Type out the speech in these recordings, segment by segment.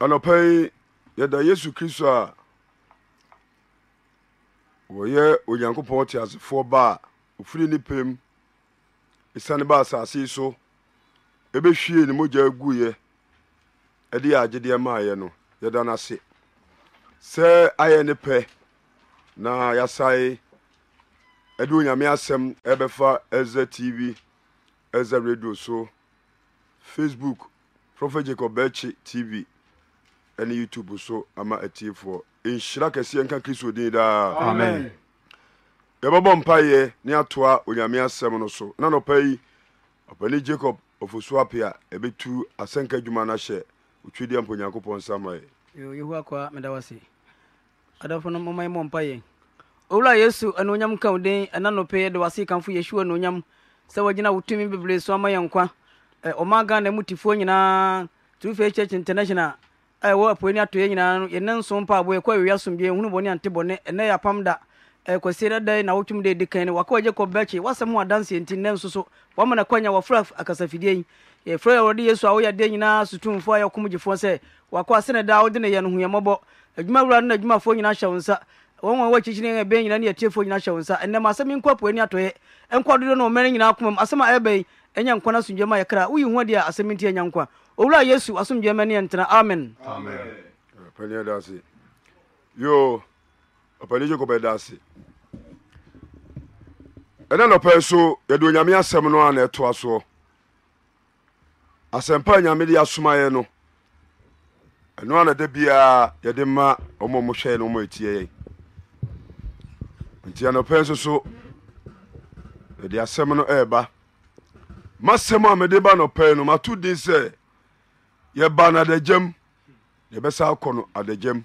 anɔpa yi yɛda yesu kristo a wɔyɛ onyankopɔn teasefoɔ ba a ofiri ne pɛm ɛsiane ba asase yi so ɛbɛhwie ne mogya guiɛ ɛde yɛ agyedeɛ maayɛ no yɛda no ase sɛ ayɛ ne pɛ na yɛasae ɛde onyame asɛm ɛbɛfa ɛza tv ɛza radio so facebook prophet jacob belchi tv ɛne youtube so ama atiefoɔ nhyira kɛseɛ nka kristo din daa yɛbɛbɔ mpayɛ ne atoa onyame asɛm no so na nɔpa yi ɔpani jacob ɔfosuo ape a ɛbɛtu asɛnka adwuma no ahyɛ otwideɛ mpa onyankopɔn nsa ma yɛyɛhu owura yesu anuonyam ka wo den ɛna nɔpɛ yɛde wase kamfo yɛhyiw anuonyam sɛ wagyina wo tumi bebree so ama yɛ nkwa ɔma ghana mu tifoɔ nyinaa true faith church international ɛwɔ eh, apuei ne atɔeɛ nyinaa no yɛnɛ nso mpa abɔ yɛkɔ awia somdwe hunu bɔne ante bɔne ɛnɛ yɛ apam da eh, kwasie dɛdɛn na wotwum de ɛdi kan no waka wagye kɔ bɛkye wasɛm ho adanseɛ nti nnɛ nso so wama na kwanya wɔfrɛ akasafidie yi yɛfrɛ eh, yɛ awurade yesu a woyɛ adeɛ nyinaa sotumfoɔ a yɛkom gyefoɔ sɛ wakɔ ase ne daa wode ne yɛ no huɛmmɔbɔ adwuma wura no na adwumafoɔ nyinaa hyɛ wo nsa wɔn a wɔakyikyiri ɛbɛn nyinaa ne yɛtiefoɔ nyina hyɛ wo nsa ɛnnɛ ma asɛm nkɔ apuani atɔeɛ ɛnkɔ dodo no ɔmɛ no nyinaa komam asɛm a ɛbɛn ɛnya nkwa no asomdwama yɛkra woyi hu adeɛ a asɛm nti ɛnya nkwa owura yesu asomdwe ma ne ɛntena amen ɔpani ɛda yo ɔpani jacob ɛda ase ɛna nɔpɛ so yɛde onyame asɛm no a na ɛtoa soɔ asɛmpa a nyame de asomaeɛ no ɛno a na da biara yɛde ma ɔma mo hwɛe no ɔma ɛtiɛ nti anɔpɛ nso so yɛde asɛm no ɛɛba masɛm a mede ba nɔpɛ no mato din sɛ yɛbaa no adagyam na yɛbɛsa akɔ no adagyam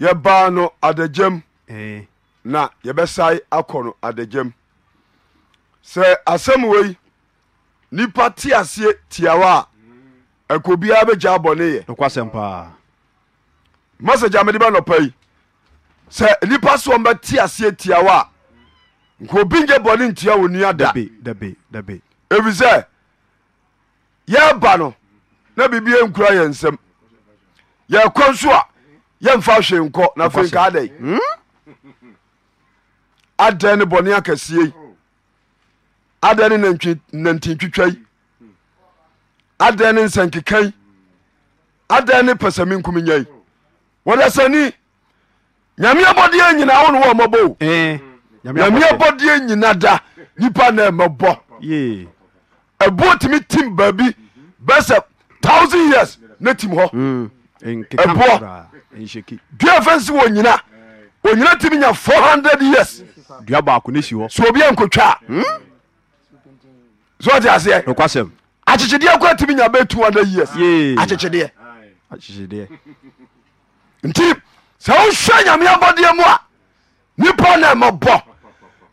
yɛbaa no adagyam eh. na yɛbɛsae akɔ no adagyam sɛ asɛm wei nipa te aseɛ tiawa a akobiaa bɛgya abɔneyɛ nokwasɛm paa message a mede bɛ nɔpa yi sɛ nipa soɔ mbɛte aseɛ tiawa a nka nyɛ bɔne ntia wɔ nua da ɛfiri sɛ yɛba no na biribia nkura yɛ nsɛm yɛkɔ nso a yɛmfa hwee nkɔ na afei nka adɛn hmm? adɛn ne bɔne akɛseɛ yi adɛn ne nantintwitwa yi adɛn ne nsɛnkeka yi adɛn ne pɛsɛmi nkum nya yi wɔdɛ sɛni nyame abɔdeɛ nyina wo ne wɔ mmɔbɔ eh, nyame abɔdeɛ nyina da nipa na ɛmɛbɔ aboɔ timi tem baabi bɛsɛ tou00 years na tim h aboɔ hmm. dua fe nsi wɔ nyina onyena timi ya f 0n0d yearssoobiankotwaa hmm? sote aseɛ akyekyedeɛ koa timi nya bɛ00 yeas akyekyedeɛ nti sɛ wosɛ nyameabɔdeɛ mu a nepa ne mɔbɔ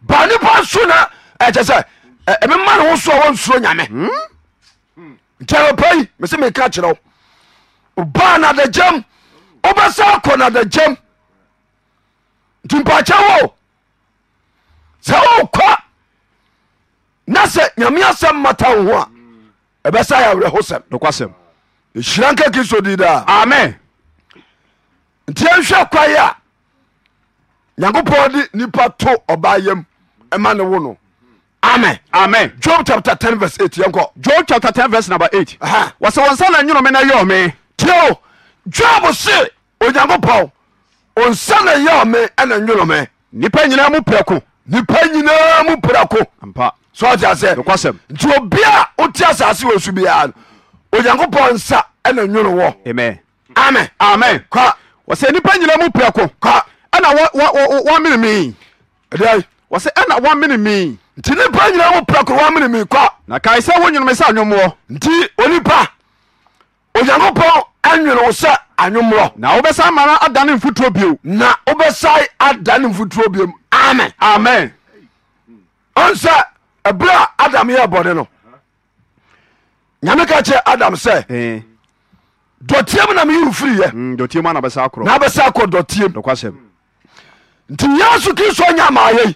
ba nipa so na ɛkye sɛ ɛmema eh, eh, ne wo soa wonsuro nyame hmm? ntianɔpa yi mese meka kyerɛ wo oba nadagyam wobɛsa kɔ nadagyam nti mpakyɛ wo sɛ wokɔ na sɛ nyame asɛm mata wo ho a hmm. ɛbɛsa yɛ awerɛho sɛm nokwasɛm ɛhyira nka kristo di daa amen nti yɛnhwɛ kwae a nyankopɔn de nipa to ɔba yam ɛma ne wo no aeam job chape 10 h ssa n yormeyme t job se oyankup sa nyme neyop yemprp yem pr ot ssykp nsa n yonipa yenmuprnnn nti ne pa nyina mo pra koro wamene mekɔ na kae sɛ wo nwenome sɛ anwommoɔ nti onipa onyankopɔn anwene wo sɛ anwomorɔ na wobɛsa ma no adane mfotuo bio na wobɛsae adane mfotuo biom amen amen ɔn sɛ ɛberɛ a adam yɛ bɔne no nyame ka kyerɛ adam sɛ dɔteam na meyiwo firiyɛ mm, dɔtiam na bɛsa korɔ dɔteam nti yesu kristo nya maayɛi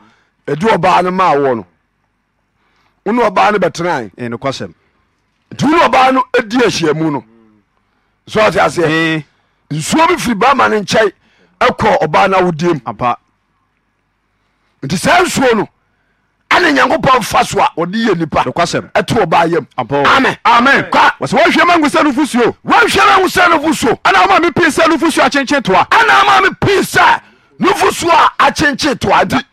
ɛdi ɔbaa no maa wɔ no wone ɔbaa no bɛtena eh, nokwasɛm nti wone ɔbaa no ɛdi ahyiamu no so ɔte aseɛ eh. nsuo bi firi bama no nkyɛe ɛkɔ ɔbaa no awodiem nti saa nsuo no ane nyankopɔn fa so a ɔde yɛ nipa ɛte ɔbaa yam amen wɔsɛ woahwɛ ma ngu sɛ no fosuo woahwɛ ma ngu sɛ no fosuo ana woma mepii sɛ no fosuo akyenkye toa ana woma mepii sɛ no fosuo a akyenkye toa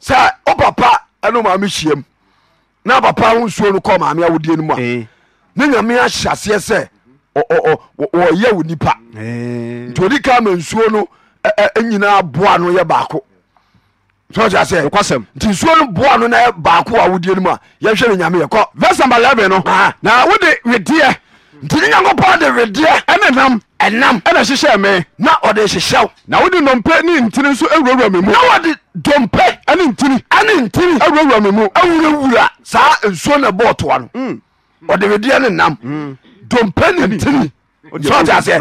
sɛ wo papa ɛne maame hyiam na papa ahụ nsuo no kɔ maame awodie no mu a eh. ne nyame ahyɛ aseɛ sɛ wɔyɛ wo nipa eh. nti odi ka ma nsuo no nyinaa boa no yɛ baako sɛ nti nsuo no boa no na baako a wodie no mu a yɛhwɛ no nyame yɛkɔ vers number 11 no ah. na wode wedeɛ nti ne nyankopɔn de wedeɛ ɛne nam ɛnam ɛna hyehyɛ me na ɔde hyehyɛw na wode nnompe ne ntini nso awurawura me mu na wɔde dompe ɛne ntini ɛne ntini awurawura me mu awurawura saa nsuo na ɛbɔɔ toa no hmm. ɔde wedeɛ ne nam hmm. dompe ne ntini sɔte aseɛ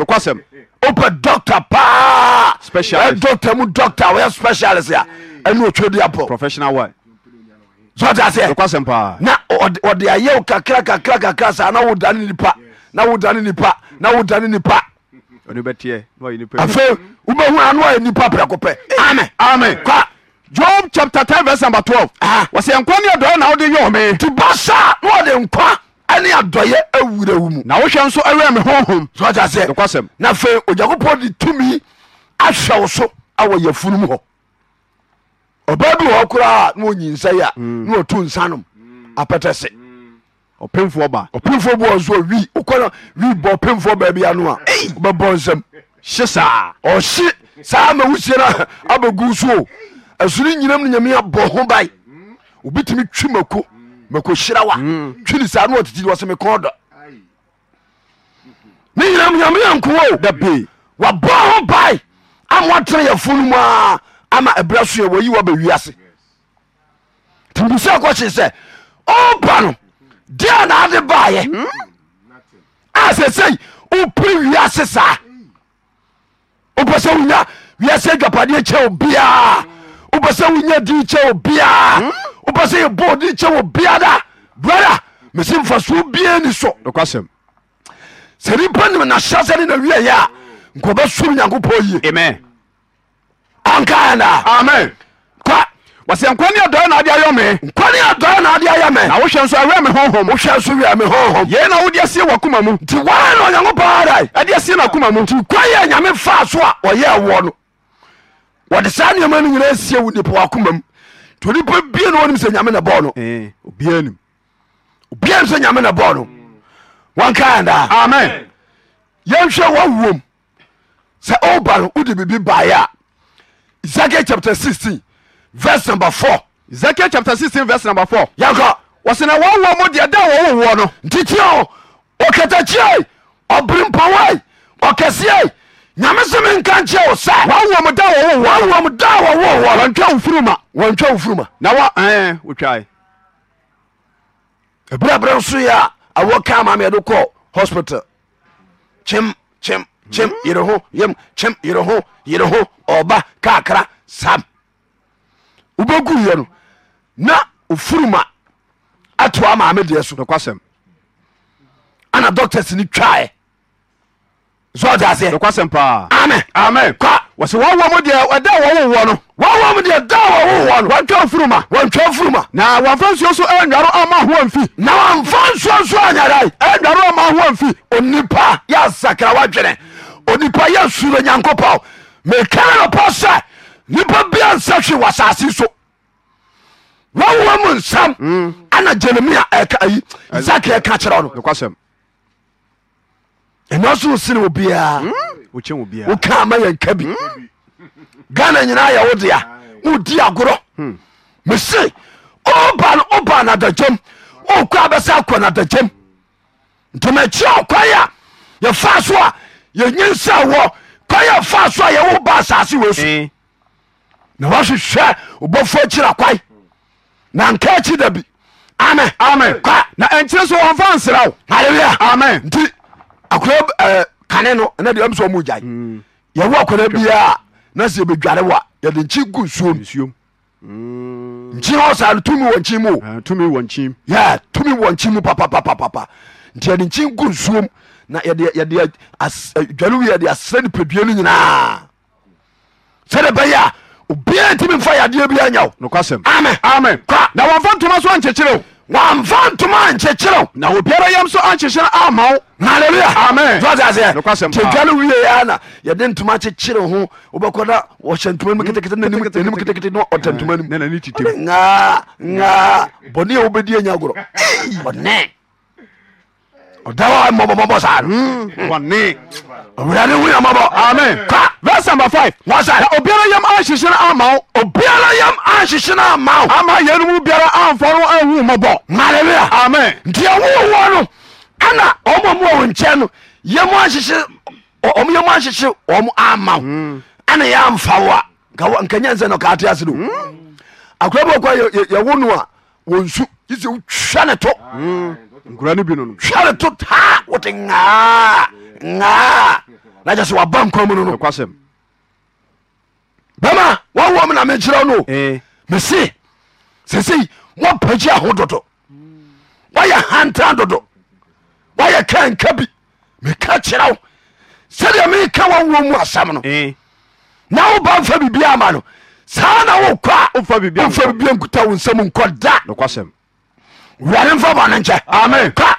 wopɛ doctor paa doctor mu doctor wɔyɛ specialist a ɛne ɔtwadi apɔ sɔte aseɛ na ɔde ayɛw kakra kakra kakra saa na wodane nipa na wodane nipa na wodane nipa E, afei wobɛhu e. ano ayɛ nipa prɛko pɛ amen amen kwa job chapter 10 verse number 12 wɔsɛ nkwa ne adɔyɛ na wode yɛ me nti basa na wɔde nkwa ɛne adɔyɛ awura wo mu na wohwɛ nso awura me honhom sɛ sɛ na afei onyankopɔn de tumi ahwɛ wo so awɔ yɛfunom hɔ ɔbaa bi wɔ koraa na ɔnyinsɛe a na mm. ɔto nsa nom mm. apɛtɛ se ɔpemfoɔ ba ɔpemfoɔ bi wɔ so wi wokɔ na wi bɔ ɔpemfoɔ baabi ano a wobɛbɔ nsɛm hye saa ɔhye saa ma wosie no abɛgu so o ɛsono nyinam no nyame abɔ ho bae mi twi mako mako hyira wa mm. twi ne saa ne wɔtete wɔsɛ mekɔn dɔ ne nyinam nyame anko o da pee wabɔ ho bae ama watena yɛfo no mu a ama ɛbrɛ so yɛ wɔyi wabɛwi ase nti mbisa kɔ hye sɛ ɔba no deanaade ba yɛ a sesei opiri wia se saa oposɛ wonya iasɛ gapadeɛ kheobea oposɛwonya di eo bea opsɛ yɛbo di kewo bia da bratha mesi mfa soobieni so wasm sani panim nasasɛne na wie yaa nkaba so bi nyakopɔ ye em ankaanaa amen wɔsɛ nkwane adɔe na ade ayɛ me nkwane adɔe na ade ayɛ me na wohwɛ nso awɛ me honhom wohwɛ nso wɛ me honhom yei na wode asie wakoma mu nti waa na onyankopɔn adae ɛde asie no akoma mu nti kwa yɛ nyame faa so a ɔyɛ wɔ no wɔde saa nneɛma no nyinaa asie wo nipa wakoma mu nti onipa bie no wɔnim sɛ nyame ne bɔɔ no eh, obia nim obia nim nyame ne bɔɔ no wɔnkaa daa amen yɛnhwɛ wɔwom sɛ ɔba no wode chapter 16 vers numb f izekiel ha 6v4 sna wawomo de da wowowo no ntit ketekhe brmpowa kesea nyamesom nka nkyo saum brbra nsoa awo kamamdok hospital keeerhba kakras wobɛgu yɛ no na ofuruma atoa maame deɛ so nokwasɛm ana doctors ni twaɛ sɔdaseɛ nokwasɛm paa amen amen kwa wɔsɛ wɔwɔ mu deɛ ɛda wɔwowɔ no wɔwɔ mu deɛ da wɔwowɔ no wɔntwa ofuruma wɔntwa ofuruma na wɔmfa nsuo so ɛnwaro ama ahoa mfi na wɔmfa nsuo so anyarae ɛnwaro ama ahoa mfi onipa yɛ asakra wadwene onipa yɛ suro nyankopɔn mekara no sɛ nipa bia nsɛ hwe wɔ asase so wɔwowa mu nsam mm. ana jeremia ɛka yi zakia ɛka kyerɛ no ɛna so sene wo biaa mm. woka ma yɛnka bi mm. ghana nyinaa yɛwo dea wodi agorɔ hmm. mese oba no oba nadagyam okɔ bɛsɛ akɔ nadagyam ntomakyi ɔkwae a yɛfa so a yɛnyensa wɔ kwae a fa so a yɛwo ba asase wɔ so eh. nawaswewɛ obɔf khera kwai na nkakhida bina nkyere so wofa nserɛnti ki spyn bi timi aya cera ta cichre r ccr vers numb 5 obiara yam anhyehyeno ama obiara yam anhyehyeno ama ama yɛnomu biara amfa no awu bọ. alelua amen nti ɛwowɔ no ana ɔmamu awo nkyɛn no yɛm anhyehye ɔm ama ana hmm. yɛamfa wo a nkanya nsɛ no kaate ase do akora bi ɔkɔ yɛwo no a wɔnsu yi sɛ wotwa ne to hmm. nkura no bi no no twa ne to taa wote aa aa na kyɛ sɛ waba nkwa mu no no bɛma wawo m na mekyerɛ no eh. mese sesei wapagyi aho dodo wayɛ hantra dodo wayɛ ka nka bi meka kyerɛ wo sɛdeɛ meka wawo mu asɛm no eh. na woba mfa bibia ama no saa na wokɔ a womfa bibia nkuta wo nsɛm nkɔ da wurade mfa bɔne nkyɛ amen ka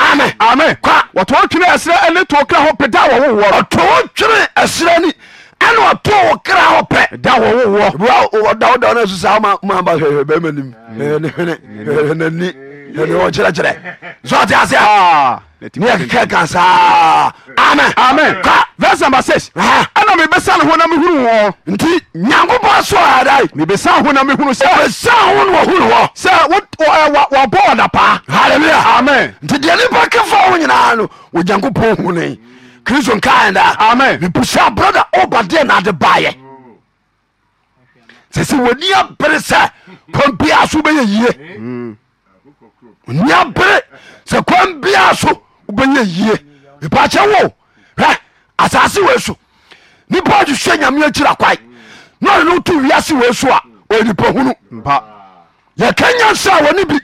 amen amen kwa wɔtɔɔ twene ɛserɛ ne too kra hɔ pɛ da wɔwowɔ ɔtɔɔ twene ɛserɛ ni ɛne ɔtoo wo kra hɔ pɛ da wɔwowɔ dawodawo no asusa ma ma ba hwɛhwɛ bɛma nim ne hwene nani yɛneɛwɔ kyerɛkyerɛ sɔte aseɛ ne yɛkekɛ ka saa amen amen ka verse number six ɛna mebɛsa ne ho na mehunu wɔ nti nyankopɔn so ada mebɛsa ho na mehunu sɛ ɛsa ho na wɔhunu wɔ sɛ wɔbɔ ɔdapaa halleluya amen nti deɛ nipa kefa wo nyinaa no wɔ nyankopɔn hune kristo nkaɛnda amen mebusa brother ɔbadeɛ na ade baayɛ sɛ sɛ wɔni abere sɛ pɔmpia so bɛyɛ yie mm onia bere sɛ kwan bia so wobɛnya yie mepakyɛ wo hwɛ asase wei so nipa hwehwɛ nyame akyira kwae na ɔne no woto wiase wei so a ɔyɛ nipa hunu yɛka nya nsa a wɔne bi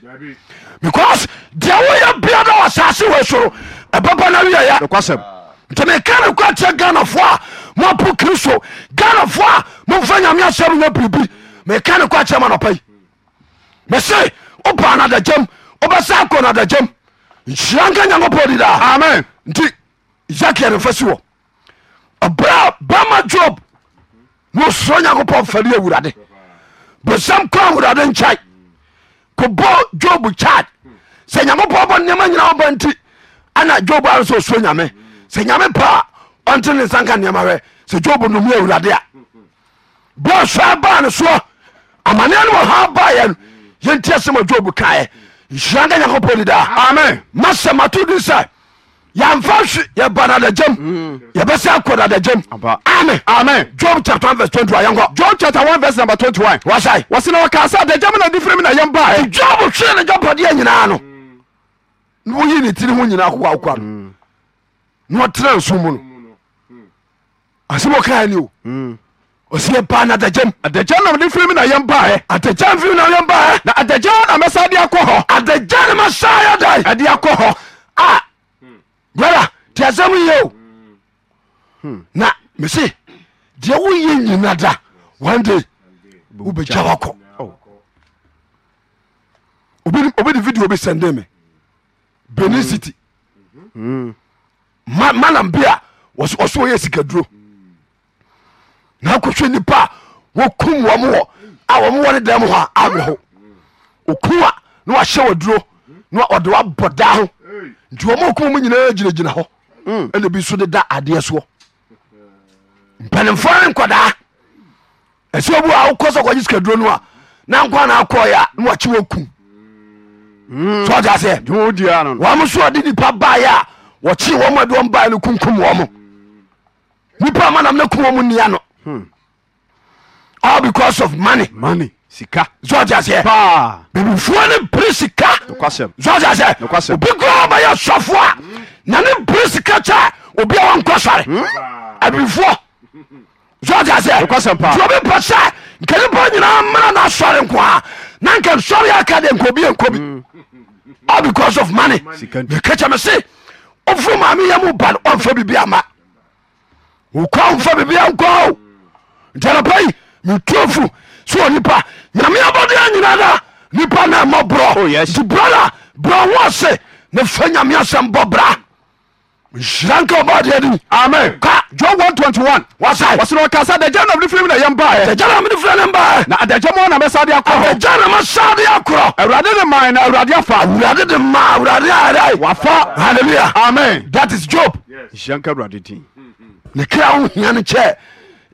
because deɛ woyɛ bia na wɔ asase wei so no ɛbɛba no wiɛyɛ nti meka no kwa kyɛ ghanafoɔ a moapo kristo ghanafoɔ a momfa nyame asɛm nya biribi meka no kwa kyɛ ma nɔpa yi mese woba no adagyam obe sa konda jem nsake yanko po dida ti sio o k nsiranka nyankopɔn didaa amen masɛ matodi sɛ yàmfa hwi yàba nadajam yàbẹsẹ akọ nadajam amen amen job chapter one verse twenty one yẹn kọ. job chapter one verse number twenty one. wasaayi. wasina wakaasa adajam na difiri mi na yẹn baa. Eh. job hwi ni job ọdí yẹn nyinaa no mm. wọ́n yí ni tiri hu nyinaa kó akó mm. ano ní wọ́n tẹ̀lé nsúmù no mm. asọ́mọ́ káyọ̀ ni o. osie bane adeem adeefemyba deedek dejansakoo ba tazemoye na mese d woye yena da onda obe jiwko oh. obine video be sendeme beni sete hmm. hmm. mane bia osyesikadro na akɔhwɛ nipa a wɔkum wɔ mowɔ a wɔmowɔ ne dɛm hɔ a awerɛ ho ɔkum a na wahyɛ wɔ duro na ɔde wabɔ ho nti wɔma ɔkum mu nyinaa gyinagyina hɔ ɛna bi so deda adeɛ soɔ mpanimfoɔ ne nkɔdaa ɛsɛ obu a wokɔ sɛ kɔgye sika duro no a na nkwa na akɔɔyɛ a na wakye wɔkum sɔgya hmm. so ɔde nipa baeɛ a wɔkyee wɔm ade wɔm baeɛ no kunkum wɔ mo nipa ma nam na kum wɔ mo nnia no beuse of mnzasbebifuo ne bre sika oibaye sfua nane bre sika e o ko sare abbifuo zuresoipase po yemsreesorekk of mnkecemese ofromam ymo ba fe bbi ama kf bbiank p etfu sonipa yami bodyina d nipa o bro se ef yam sembobra rake dd jon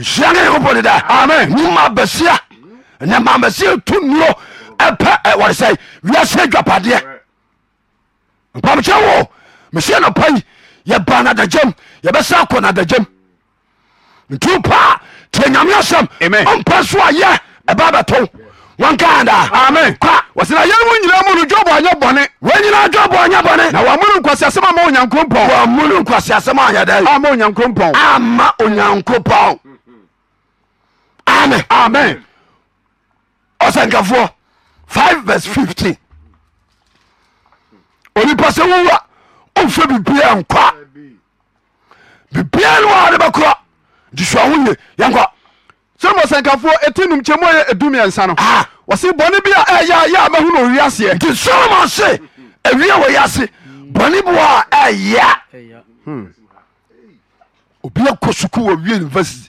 sm me nurpes juappaeesptp tyamysmp suw ye babetdka yeryim yb yeymry amen amen ɔsɛnkafoɔ five verse fifteen onipa sɛ wowura ɔmfa bibia nkwa bibia no waa ne bɛkorɔ nti soa ho ye yɛnkɔ sɛmɔ sɛnkafoɔ ɛti num kyɛmu ɛyɛ edumiɛnsa no wɔse bɔne bi a ɛyɛ yɛ a mɛhu no ɔwi aseɛ nti solomon se awia wɔyɛ ase bɔne bi wɔ a ɛyɛ obi akɔ sukuu wɔ wie university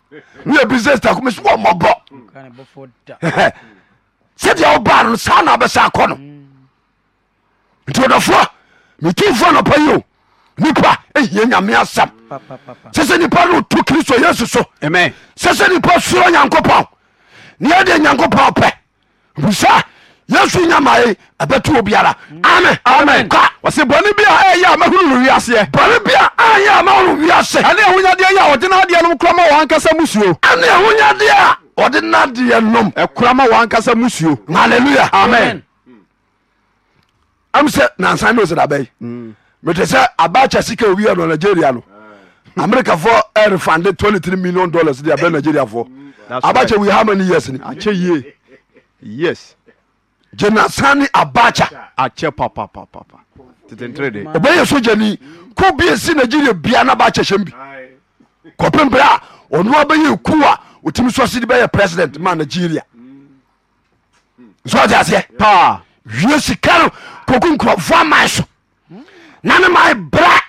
besmbo sed oba sanabese kono enti odofu metumfunpay nipa hi amea sem sese nipo noto kristo yesu so seise nipo soro nyankupon neyede nyankupon pe bisa yesu yama batuo biara mm. am wɔsi bɔnni bi a ɛyɛ eh, a mahunu no wiaseɛ. bɔnni bi a ɛyɛ eh, a mahunu wiase. ɛne ahonyadeɛ yɛ a wɔde n'adeɛ nom kura ma wɔn ankasa musuo. ɛne ahonyadeɛ a wɔde n'adeɛ nom. ɛkura eh, ma wɔn ankasa musuo. hallelujah amen. ɛmu sɛ nansan n'o sɛdaba yi. mete sɛ abacha sika owi ɛnɔ nigeria no. Hmm. america fɔ ɛrifande twenty three million dollars de abɛ nigeria fɔ. abacha wi how many years ni. a kye yie. yes. jenasani abacha. a kye papapapa ɔbɛyɛ sogyani ko bie si nigeria bia na baakyɛhyɛm bi kɔpemperɛ a ɔnoa bɛyɛ ku a ɔtumi so sede bɛyɛ president ma nigeria nsɔde aseɛ paa wie sika no koku nkurɔfoɔ man so na ne ma brɛ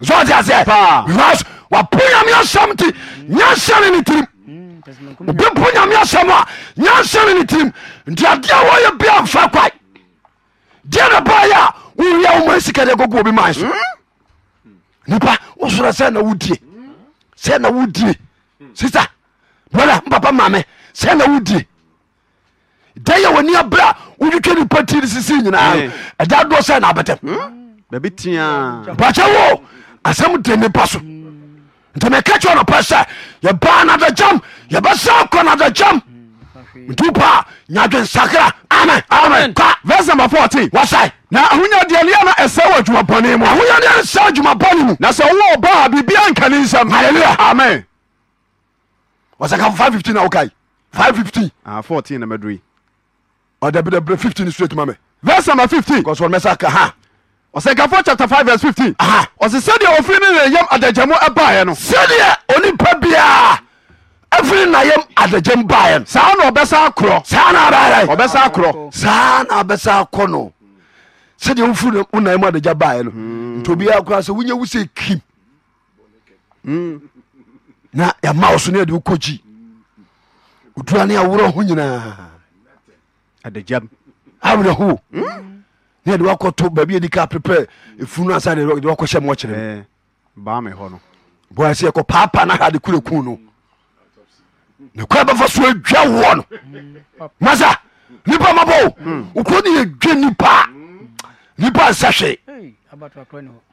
nsɔde aseɛ because wapo nyameɛ sɛm te nyansɛne ne tirim obi po nyameɛ sɛm a nyansɛne ne tirim nti wɔyɛ bia mfa kwae dea ne bayea woya woma si kade ogoo bi maso inepa osor senwo ie senwo die siste bapapa mame senawo die deywenia bra woua ni patire sisi yina eda do sena bodemtbacawo asem de nepa so temeke cin pese yba nda ja oa j nti nyadwe nsakra amen verse number 14 wasae na ahonyadeɛ no yɛna ɛsɛ wɔ adwuma bɔne mu ahonyadeɛ no adwuma bɔne mu na sɛ wowɔ ɔba a biribia nka ne nsɛm halleluya amen wɔsɛka 515 na wokae 515 14 na madoi ɔdabidabrɛ 15 straight ma me verse number 15 kɔsɔrɔmɛsa ka ha ɔsɛnkafoɔ chapter 5 verse 15 ɔse sɛdeɛ ɔfiri no ne yam adagyamu ɛbaeɛ no sɛdeɛ onipa biaa ɛfiri nayam adagyam baɛ no saa na ɔbɛsa korɔ saa na abɛrɛ ɔbɛsa korɔ saa na abɛsa kɔ no sɛdeɛ wofiri wonayam adagya baɛ no hmm. nti obiaa koraa sɛ wonya wo sɛ kim na yɛma wo so ne yɛde wo kɔgyi odura ne aworɔ ho nyinaa adagyam awerɛho hmm? ne yɛde wakɔto baabi yɛdi ka prepare ɛfunu ansa de wakɔhyɛ mmɔkyerɛ no eh, baa me hɔ no bɔa sɛ yɛkɔ paapa na hade kuraku no abɛfa so da wono masa nipa mab okoni edwa nipaa nipa nsa swe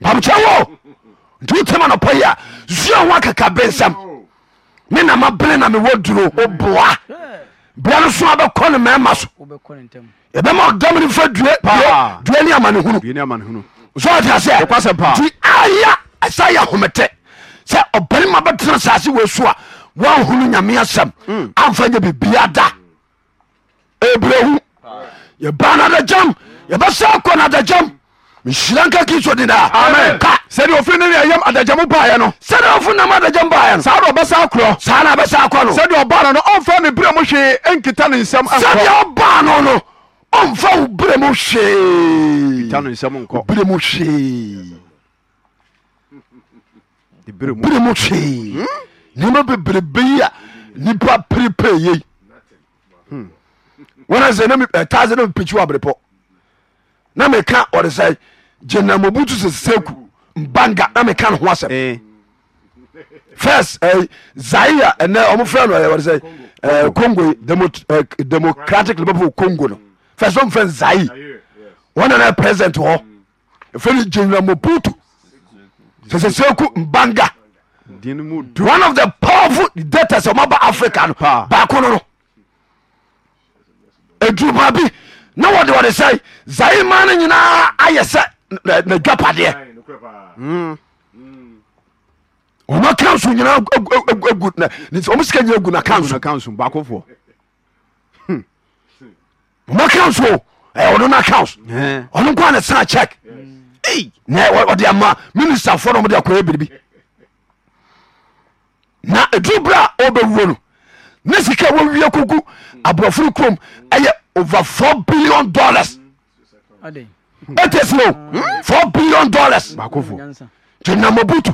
pamokao titeanpɔya sua wa kakabensem menamabene na mewo duro oboa biansoa bɛkone mama so ebɛma damine fa dua ne amane hurusoase aya saya home te sɛ obanema bɛtera sase wesua woahunu nyame asɛm mm. amfa nya bibia da ɛbrɛhu yɛba no adagyam yɛbɛsa kɔ no adagyam mehyira nka kristo de daa ka sɛde ɔfiri no ne ɛyam adagyam baeɛ no sɛde ɔfiri nam adagyam baeɛ no saa na ɔbɛsa korɔ saa na ɛbɛsa kɔ no sɛdeɛ ɔbaa no no ɔmfa ne berɛ mu hwee ɛnkita ne nsɛm sɛdeɛ ɔbaa no no ɔmfa wo berɛ mu hweeberɛ mu hwee berɛ mu hwee e bere beia nipa pre pre yet pecibrpo meka se aobotek angaekasefzengodemocratic liverple congoeza presentoe eaobotsekug one of the powerful dictators ɔmaba africa no baako no no aduruma bi na wɔde wɔde sɛ zaima no nyinaa ayɛ sɛ nadwapadeɛ ɔma council nyinaa ɔmo sika nyinaa gu hmm. na council baakofoɔ ɔma council ɔno no council ɔno nkoa ne sena check na ɔde ama minister foɔ no ɔmode akɔyɛ biribi na ɛduru berɛ a ɔbɛwuo no ne sika wɔwie kogu aborɔforo kurom ɛyɛ over four billion dollars ɛtɛsino hmm? four billion dollars gyinamabutu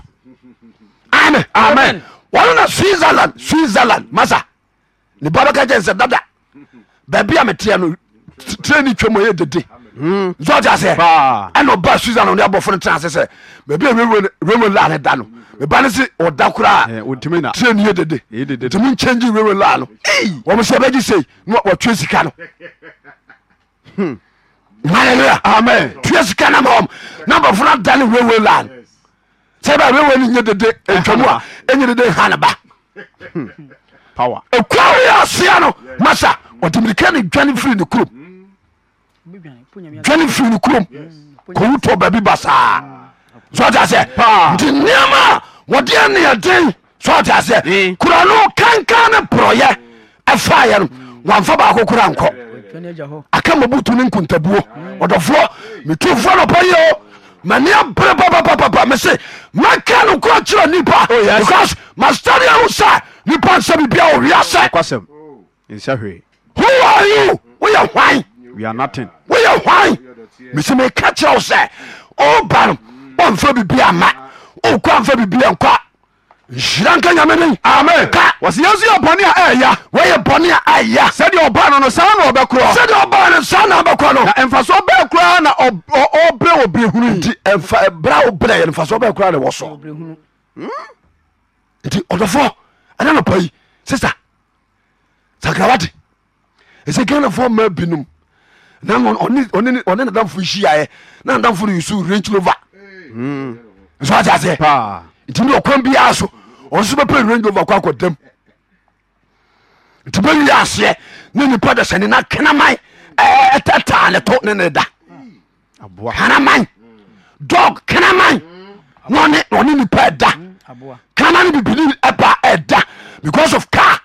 amen amen wɔno na switzerland switzerland masa ne ba bɛka kyɛn sɛ dada baabi a meteɛ no trani twam ɛyɛ dede sɛ ɛna ɔba susan na ɔne abɔfo no tenase sɛ baabi a railroad la ne da no meba ne se ɔda koraa tre ne yɛ dede ntimi nkyɛngye railroad la no wɔm sɛ bɛgye sei na wɔtwe sika no hmm. hallelujah amen tuya sika na ma ɔm na bɔfo no ada ne railroad la no sɛ bɛ railroad no nyɛ dede ntwamu a ɛnyɛ dede ha ne ba hmm. power ekura yɛ aseɛ no masa ɔde mirika ne dwane firi ne kurom hmm dwane firi no kurom kowotɔ baabi basaa so ta sɛ nti nneɛma a wɔdeɛ neɛden so ta sɛ kura no kankan ne porɔyɛ ɛfaayɛ no wamfa baako kora nkɔ aka mabutu ne nkontabuo ɔdɔfoɔ metufoɔ nɔpa yi o mania bere papapapapa mese maka no kora kyerɛ nipa because mastaria ho sa nipa nsɛ bibia owia sɛ who are you woyɛ hwan we are nothing. woyɛ hwan mesi mi ka kyerɛ wo sɛ ɔba no ɔnfɛ bibi ama ɔkɔ oh, anfɛ bibi nkɔ nhyira nka nyame den amen ka wɔsi yɛn nso yɛ bɔne a ɛɛya wɔyɛ bɔne a ɛɛya sɛdeɛ ɔbaa no no saa na ɔbɛkorɔ sɛdeɛ ɔbaa no saa na ɔbɛkorɔ no na mfasoɔ bɛɛ koraa na ɔbrɛ wɔ bere hunu nti ɛmfa ɛbrɛ eh, a ɔbrɛ yɛ mfasoɔ bɛɛ koraa na ɛwɔ so nti hmm? ɔdɔfoɔ ɛna nɔpa yi sisa sakrawate ɛsɛ ghanafoɔ mmaa binom ɔne nadamfo hyiaɛ na nadamfo no yusu range rover hmm. nso ate aseɛ nti ne ɔkwan biara so ɔnso bɛpɛ range rover kɔ akɔdam nti bɛwie aseɛ ne nipa da sɛne na kenaman ɛtataa ne to ne ne da kenaman dog kenaman hmm. na ɔne nipa ɛda kenaman no bibini ɛba ɛda because of car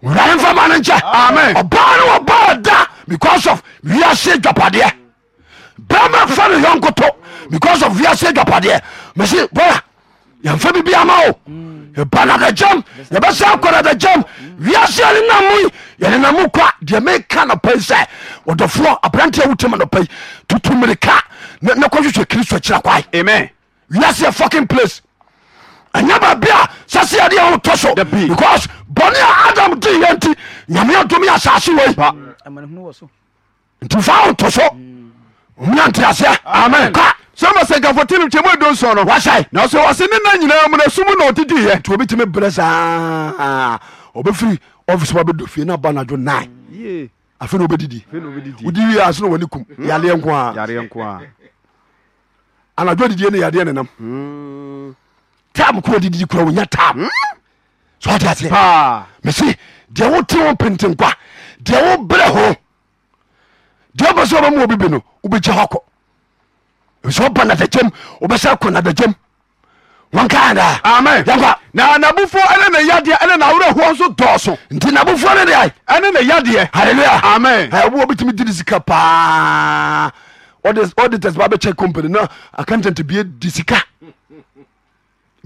hmm. wurare mfa ma no nkyɛ ɔbaa no wɔbaa da because of wia se dapade bemefane yonkoto because ofwias dapad s bibms nmunamu a ka k riso ire waamen ase a fokin place ɛnyɛ baabi a sɛse yɛdeɛ wotɔ so because bɔne a adam di yɛ nti nyame adome asase wei nti fa wotɔ so ɔmuna mm. nte aseɛ amen ka sọmọ sẹkafọ tí mi tiẹ mú ẹdọ nsọ nọ. wáṣà yìí. na ọsẹ na nínú ẹnyìnà mu na sumu na ọtí di yẹ. tí o bí tẹmẹ bẹrẹ sáà wa bẹ dọ fie náà bá nàjọ náà afẹ́ náà ọbẹ didi ọdí yìí asọ náà wọ́n ní kum yàrá yẹn kún wa. yàrá yẹn kún wa. anajọ ni yàrá tam koro didi koro wonya tam hmm? so ɔde aseɛ mese deɛ wote wo pentenkwa deɛ wo berɛ ho deɛ wopɛ sɛ wobɛmu wɔ bibi no wobɛgya hɔ kɔ ɛsɛ woba nadagyam wobɛsɛ kɔ nadagyam wɔnkadaa amen yɛnkwa na nabofo ɛne ne yadeɛ ɛne nawerɛhoɔ nso dɔɔso nti nabofo ne deɛ ɛne ne yadeɛ halleluya amen ɛwoɔ bɛtumi di ne sika paa ɔde tɛsɛ ba bɛkyɛ company na accountant bie di sika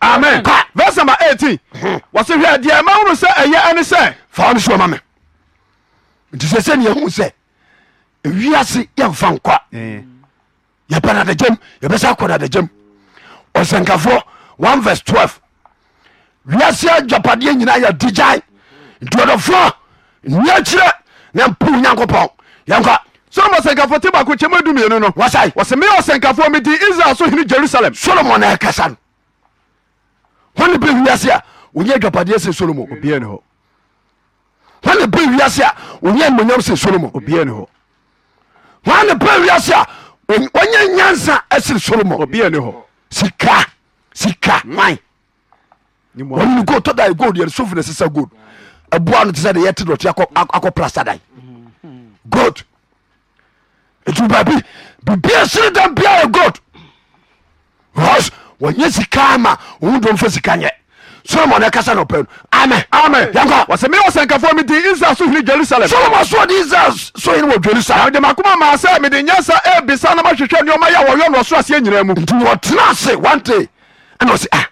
amamen verse nab 18 waso hwɛ de ma woro sɛ ɛyɛ ne sɛ fa wan swmame 2aaifiraskafo mdmmskafisrl oe jersalem hane br wiasea ye apade ser solomo ane br ise yese solomo ne br se ye yasan sersolomoako db bebi sere de biagod wɔnyɛ sika ma ohu dɔm fa sika nyɛ solomon ɛkasa na ɔpɛ no amen yɛnkɔ wɔsɛ meyɛ ɔsɛnkafoɔ mede israel so hene jerusalem solomon soɔde israel so hene wɔ jerusalem mede makoma maa sɛ mede nyasa abisa na mahwehwɛ nneɔma yɛ wɔyɔ no ɔsoro aseɛ nyinaa mu nti wɔtena ase wante ɛna ɔse ah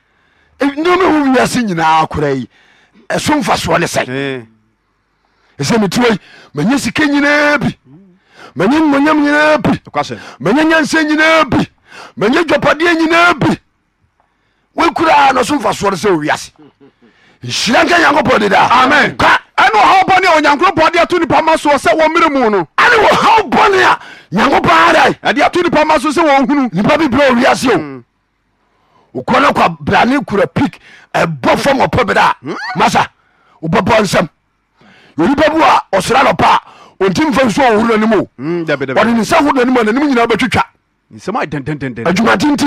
nneɔma hu wiase nyinaa kora yi ɛso mfa soɔ ne sɛe ɛsɛ metiwa yi manya sika nyinaa bi manya mmonyam nyinaa bi manya nyansa nyinaa bi manya dwapadeɛ nyinaa wekuraa no so mfa soɔre sɛ owiase nhyira nka nyankopɔn dedaa amen ka ɛne ɔhaw bɔne a onyankopɔn de ato nipa ma soɔ sɛ wɔmmere mu no ɛne wɔhaw bɔne a nyankopɔn ada ɛde e ato nipa ma hmm. e hmm? so sɛ wɔhunu nipa bibirɛ owiase o wokɔ no kwa brane kura pik ɛbɔ fam ɔpɛ beda a masa wobɛbɔ nsɛm onipa bi a ɔsra nɔpa a ɔntim fa nso ɔworo nanim o ɔde ne nsa ho nanim a nanim nyinaa wobɛtwitwa adwuma tenti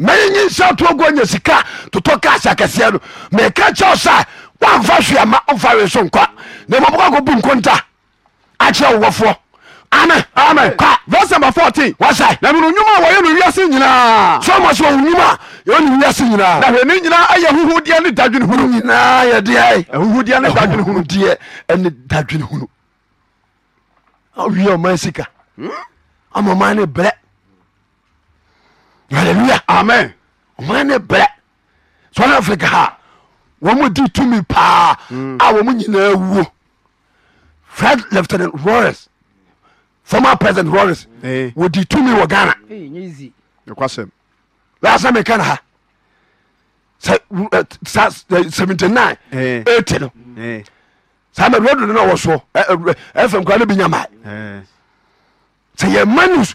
mɛyi nyi nsa togo nya sika totɔ kas akɛseɛ no meka kyɛw sa wamfa hweama mfa we so nkwa na mɔbɔkɔ kɔbu nkonta akyerɛ wowɔfoɔ amen amen kwa verse number fourteen wasai na minnu ɲuman wɔyɛ ni wiase nyinaa sɔɔma sɔɔ o ɲuman yɛ ni wiase nyinaa na hwɛ ni nyinaa ayɛ huhudiya ni dadwini hunu nyinaa yɛ diya ye huhudiya ni dadwini hunu diɛ ɛni dadwini hunu aw wiye o ma ye sika hmm? ama o ma ye ni bɛrɛ hallelujah amen ɔman ne brɛ south africa ha wɔn mu di tumi paa mm. a wɔn mu nyinaa wuo fred lieutenant rollins former president rollins di tumi wɔ ghana lasa mi kan ha seventy nine eighty no saa mɛ rodo no na wɔ so ɛfɛ nkura bi nyama sɛ yɛ manus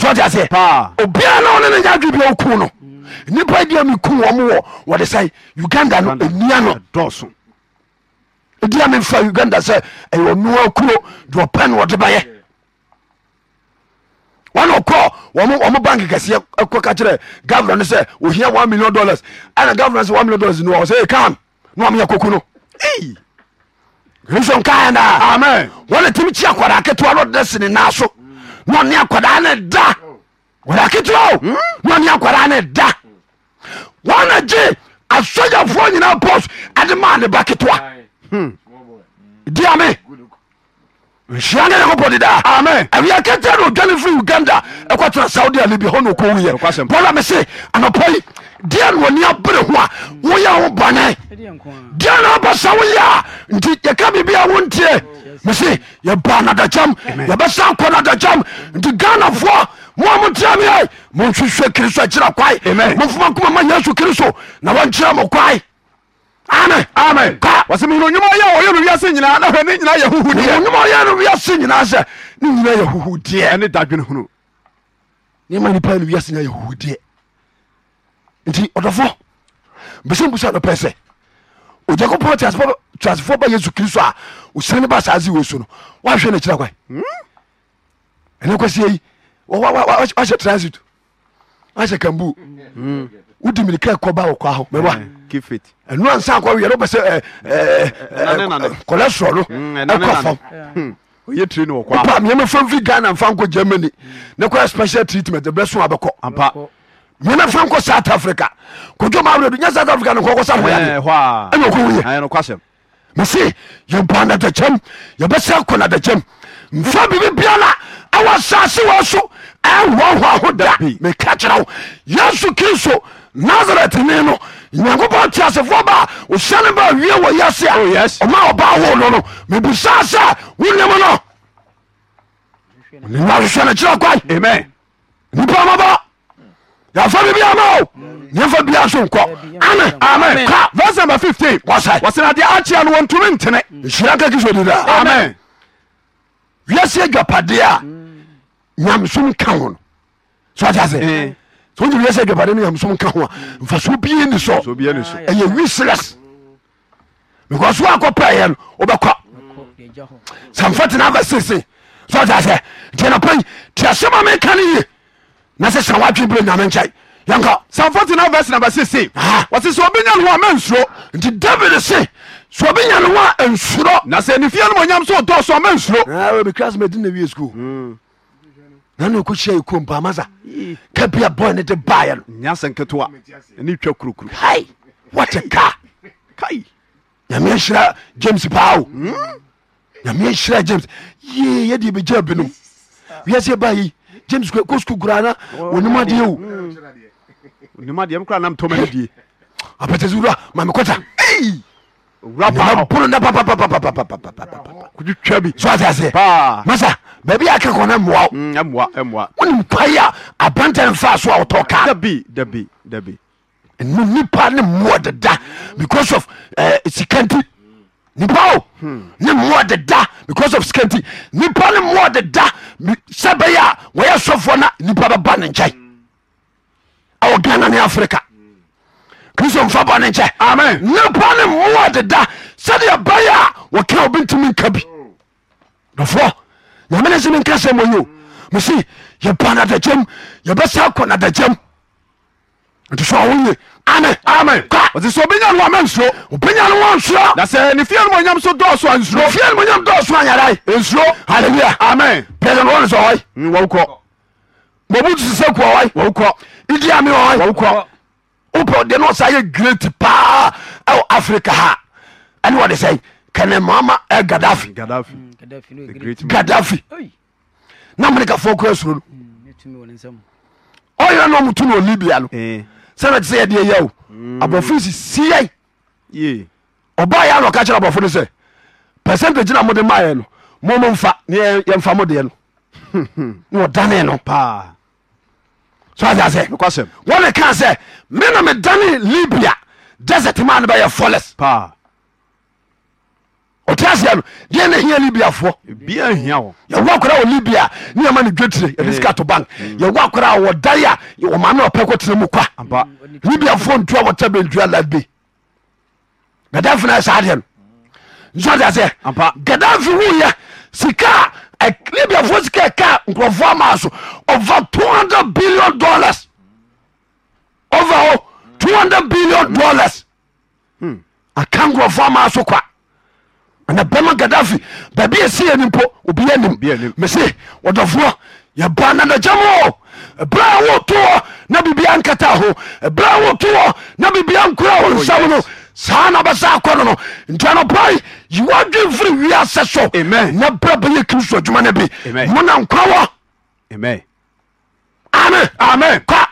sotase obia na one ne yadwe bia oku no nipa bia meku wɔmwɔ wɔde sɛ uganda no ɛnia no dɔso ɛdia mefa uganda sɛ ɛyɛ ɔnoa kuro de ɔpɛ no wɔde bayɛ wane ɔkɔ ɔmo bank kɛseɛ ɛkɔ ka kyerɛ governor no sɛ ohia one million dollars ana governor sɛ one million dollars no wɔ sɛ ɛkam na ɔmeyɛ koku no kristo nkaɛ daa wɔne timi kyi akwadaa ketewa no ɔdedɛ sene naa so u nia kadane da wad keteao u nia kadane da waneje asoja fuo yena post adi ma ne ba ketewa idiame hmm. isiangeyeke podi da eria ke te ne obani fri uganda ekwatena saudi arabia hon okoeyebola me se andpoi dnnea bere ho woyao bne nbsawoye awonf moreraky nti ɔdɔfo bɛsɛ busa no pɛ sɛ onyankopɔn tasefo ba yesu kristo a osiane ba saase wɔ su no wahwɛ no kyerɛ kwa ɛne kwasiɛ yi wahyɛ transit wahyɛ kambu wodi mirika kɔba wɔ kwa ho mɛwa ɛno ansa kɔ wiyɛre wobɛ sɛ cholesterol no ɛkɔ fam oyɛ tire ni wɔ kwa pa mmiɛma fam fi ghana mfa nkɔ germany ne kɔ special treatment ɛbɛso abɛkɔ ampa yẹn fẹn kọ south africa kojú ma wúlò yẹn south africa nìkan kọ sáfù yàrá ẹ yẹ kó wúyẹ mẹsì yẹ bọ anadẹkyẹm yẹ bẹ sẹ kọ anadẹkyẹm nfa bíbí biara awọ saasi wọn so ẹ wọ ọhọ ọhọ da mẹ kẹkyerẹ wọn yẹsu kristo nazareth ni no nyankopɔn teasefoɔ ba ɔhyɛne ba wie wɔ yɛse a oh, ɔma ɔba wo no no mebusaa sɛ wonem no nena hwehwɛ no kyerɛ kwan nipa mabɔ yàfa bíbí àmà o yẹnfa bíi aso nkọ ami ami ka verse number fifteen wọsẹ wọsẹ na di akyia no wọn tumi ntene nhyira kẹkẹ so di da amen wiase adwapadeɛ a nyamusom ka ho no so ati ase so wọnyi wiase adwapadeɛ no nyamusom so bie ni so ɛyɛ useless because wọn akɔ pɛ yɛ no o bɛ kɔ sanfa tena abɛ sese so ati ase tiɛ na pɛn tiɛ sɛ ma mi ka ni yie na sɛ hyɛ wadwe berɛ nyame nkyɛe yɛnka psalm 49 verse number 16 wɔse sɛ obɛnya ne ho a mansuro nti david se sɛ obɛnya ne ho a nsuro na sɛ nefie no mɔnyam so ɔdɔ so mansuro mekra sɛ madi na wie skuul hmm. nane ɔkɔhyia yɛ kom paamasa ka bia bɔe ne de baeɛ no nyasɛ nketewa ne twa kurokuro hai wate ka kai nyame hyira james paa o hmm? nyame hyira james ye yɛdeɛ bɛgya binom wiase ba yi james kó sukuu kura na onímọ̀ adìyẹ o onímọ̀ adìyẹ mi kura nam tọ́mọ ẹni die apẹtẹsi wura maame kọta wura paa pono na papapapapapapapa kutu twɛ bi so ase ase masa baabi yà kẹkọọ náà mua o mua mua wọn ni mpa yi a abẹntẹ nfa so a wọtọ kaa dabi dabi dabi nipa ni mua dada because of sikẹnti. Uh, nipa o ne mmoa deda because of sika nti nipa ne mmoa deda sɛ bɛyɛ a wɔyɛ sɔfoɔ na nipa ba ne nkyɛn awɔ ghana ne africa kristo mfa bɔ ne nkyɛn amen nipa ne mmoa deda sɛdeɛ bɛyɛ a wɔka obi ntumi nka bi dɔfoɔ nyame ne sɛ me nka sɛ mɔyi o mesi yɛba nadagyam yɛbɛsa kɔ nadagyam nti so a woye amen amen ka ɔsi sɛ obinya no wama nsuro obinya no wa nsuro na sɛ ne fie no mɔnyam so dɔɔso a nsuro fie no mɔnyam dɔɔso anyadae nsuro halleluya amen pɛsɛ no wɔne sɛ ɔhɔi wɔwokɔ bɔbu tu sɛ kuɔ ɔhɔi wɔwokɔ idi ame ɔhɔi wɔwokɔ wopɛ ɔde no ɔsa yɛ great paa ɛwɔ africa ha ɛne wɔde sɛ kɛne mama ɛ gaddafi gaddafi na amerikafoɔ kora suro no ɔyɛ no ɔmotumi wɔ libia no sɛnɛ te sɛ yɛdeɛ yɛ o mm. abɔfo sisi yɛ ɔba yɛ ano ɔka kyerɛ abɔfo no sɛ percentage na mode maayɛ no momo mfa ne yɛmfa modeɛ no na ɔdane no paa so ase sɛ wɔne ka sɛ me na medane libia desert maa no bɛyɛ foles paa hia libia falbano lfagadaf oe sikalibiafo sika ka nkrofo maso ova t hn0 billion dollars va o thn0 billion dollars hmm. aka nkrofo maso ka bɛma gadafi babi sianimpo obianim mese dooro yba nadjamo brawotow na bibia nkataho rao nabbiankoraonsamno oh, saanabɛsa kono ntanopɔ yewadwenfere wi ase so ne bra bayɛ kristo adwumane bemona nkora wo a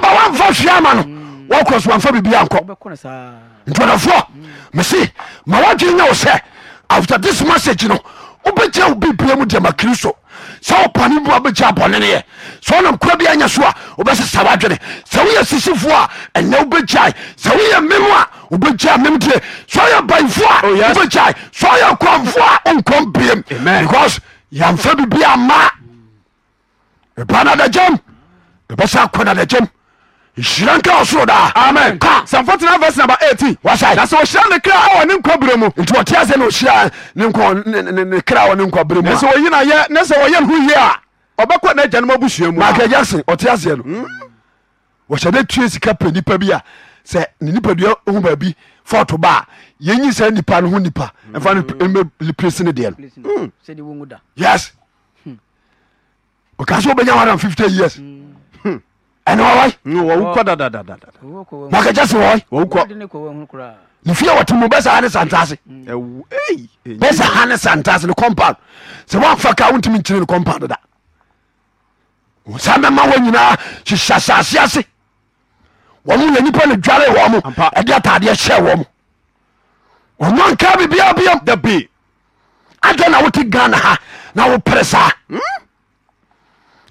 ba wava mm. mm. ma no waka sofa bibianko nfa ababan ɛsa koa nhyira nka ɔsoro daa amen ka psalm 49 verse number 18 wasae na sɛ ɔhyira ne kra a wɔ ne nkɔberɛ mu nti wɔte ase na ɔhyira ne kra wɔ ne nkɔberɛ mu sɛ ɔyi nayɛ ne sɛ wɔyɛ ne ho yie a ɔbɛkɔ na agya nom abusua mu michael jackson ɔte aseɛ no hmm? wɔhyɛ dɛ tue sika pɛ nipa bi a sɛ ne nipadua ho baabi fɔto ba a yɛnyi saa nipa no ho nipa ɛmfa no mɛpresi no deɛ no hmm. yes hmm. ɔka sɛ wobɛnya 150 years ɛn okajase efia wtem s ane sseshane st wfa kawotim kyin pada sa mɛma wa yina syehya sasease wo mu a nipo no dware wom de tadeɛ hyɛ wom ono nka bibiabiam dabe ada na wote gana ha na wo pere saa hmm?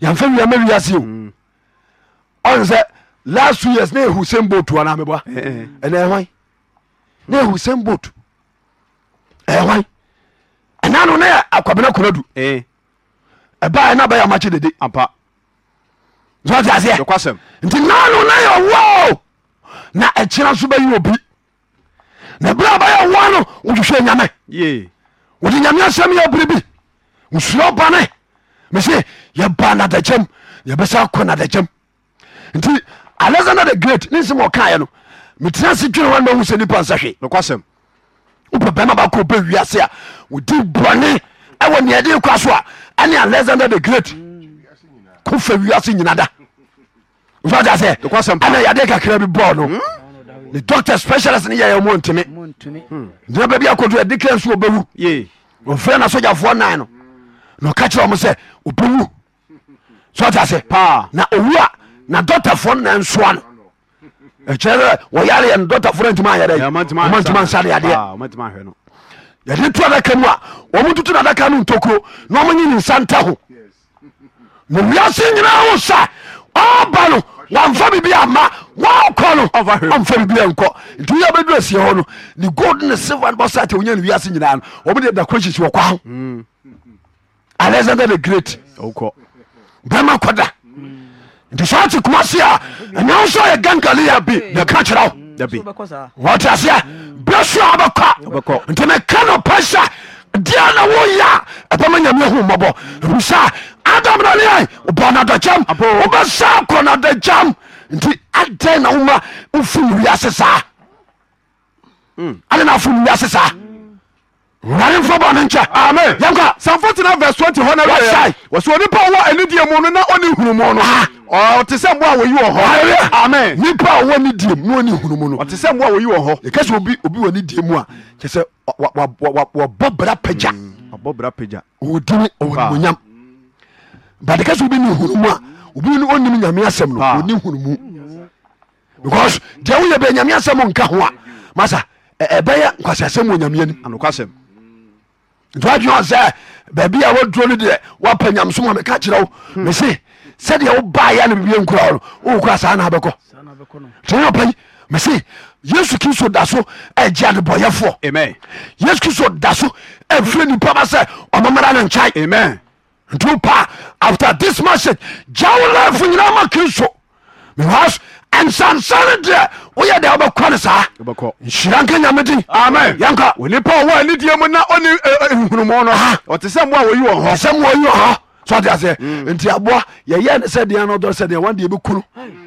yàmfẹ wia mẹ wia si o ọ̀n mm. sẹ last two years ne ehu same boat wa n'amẹ bọ ẹnna ẹ wọn ne ehu same boat ẹ wọn ẹnna no ne yẹ akwabena kura du ẹba ẹ n'aba yẹ amakye dede apa zọlá ti aseɛ nti nanu na yɛ wɔ o na ɛkyerɛ nso bɛyi obi na ebile abayɛ wɔ no wohwehwɛ nyame wòde nyame asɛm yɛ obiri bi nsúlẹ̀ ɔbɛnɛ mese yɛba nadakyam yɛbɛsa kɔ nadakyam nti alexander the great ne nsɛm ɔkaeɛ no metena se dwene wane mahu sɛ nipa nsa hwe nokwasɛm wopɛ bɛma baako wobɛ wiase a wodi bɔne ɛwɔ neɛde kwa so a ɛne alexander the great kofa wiase nyina da sɛ ɛna yɛde kakra bi bɔɔ no hmm? ne doctor specialist ne yɛyɛ mu ntimi ntina baabi akɔdo ɛde kra nso wɔbɛwu ɔfrɛ na sogyafoɔ nan no na ɔka kyerɛ ɔmo sɛ obɛwu sotase na owu a na dɔtafoɔ no nansoa no ɛkyerɛ sɛ wɔyare yɛ no dɔtafoɔ no ntimi ayɛdɛmantimi ansade adeɛ yɛde to adaka mu a ɔmototo no adaka no ntokuro na ɔmonye ne nsa nta ho na wiase nyinaa ho sa ɔba no wamfa bibi ama wɔkɔ no ɔmfa bibi nkɔ nti woyɛ bɛduru asie hɔ no ne gold ne silver no bɔsate wonya ne wiase nyinaa no ɔmode dakoro hyehyi wɔ kwa ho mm. alexander the greate bema kode isot mas sogangaliab kakerats bsu bkoekan pase dianwoya bema yam bos adm bn deembesko n deem ti adenma ofunw ses nfunw sesa wurade mfa bɔ ne nkyɛ yɛnka samfo tena vs 20 hɔ nɛsɛ wɔsɛ onipa wɔ anidie mu no na ɔne ah. hunumu no ɔte sɛ mmoa wɔyi wɔ hɔ amen nipa a ɔwɔ ne diem na ɔne hunumu no ɔte sɛ mmoa wɔyi wɔ hɔ yɛka sɛ obi obi wɔ ne die mu a kyɛ sɛ wɔbɔ bra pagya mm. wɔbɔ bra pagya ɔdini ɔwɔnimonyam bade ka sɛ obi ne hunumu a obi ne ɔnim nyame asɛm no ɔne hunumu because deɛ woyɛ bɛ nyame asɛm nka ho a masa ɛbɛyɛ nkwasɛsɛm wɔ nyameani anokwasɛm ntwadwene sɛ baabi a waduro no deɛ woapa nyamesom a meka kyerɛ wo hmm. mese sɛdeɛ wobaeɛ no bibia nkura no wowokura saa na bɛkɔ tɛne ɔpa yi mese yesu kristo da so agye adebɔyɛfoɔ yesu kristo da so afiri nipa ma sɛ ɔmamara no nkyae nti wopaa after this message gya wo lifo nyina ma kristo because nsansane deɛ woyɛ deɛ wobɛkɔ no saa nhyira nka nyame din amen yɛnka onipa ɔwɔ ani deɛ mu na ɔne eh, eh, nhunumɔ no ɔte sɛ mmoa wɔyi wɔ hɔ sɛ mmoa yi wɔ hɔ sɔde aseɛ mm. nti aboa yɛyɛ sɛ deɛ no ɔdɔre sɛ deɛ wande yɛbɛkunu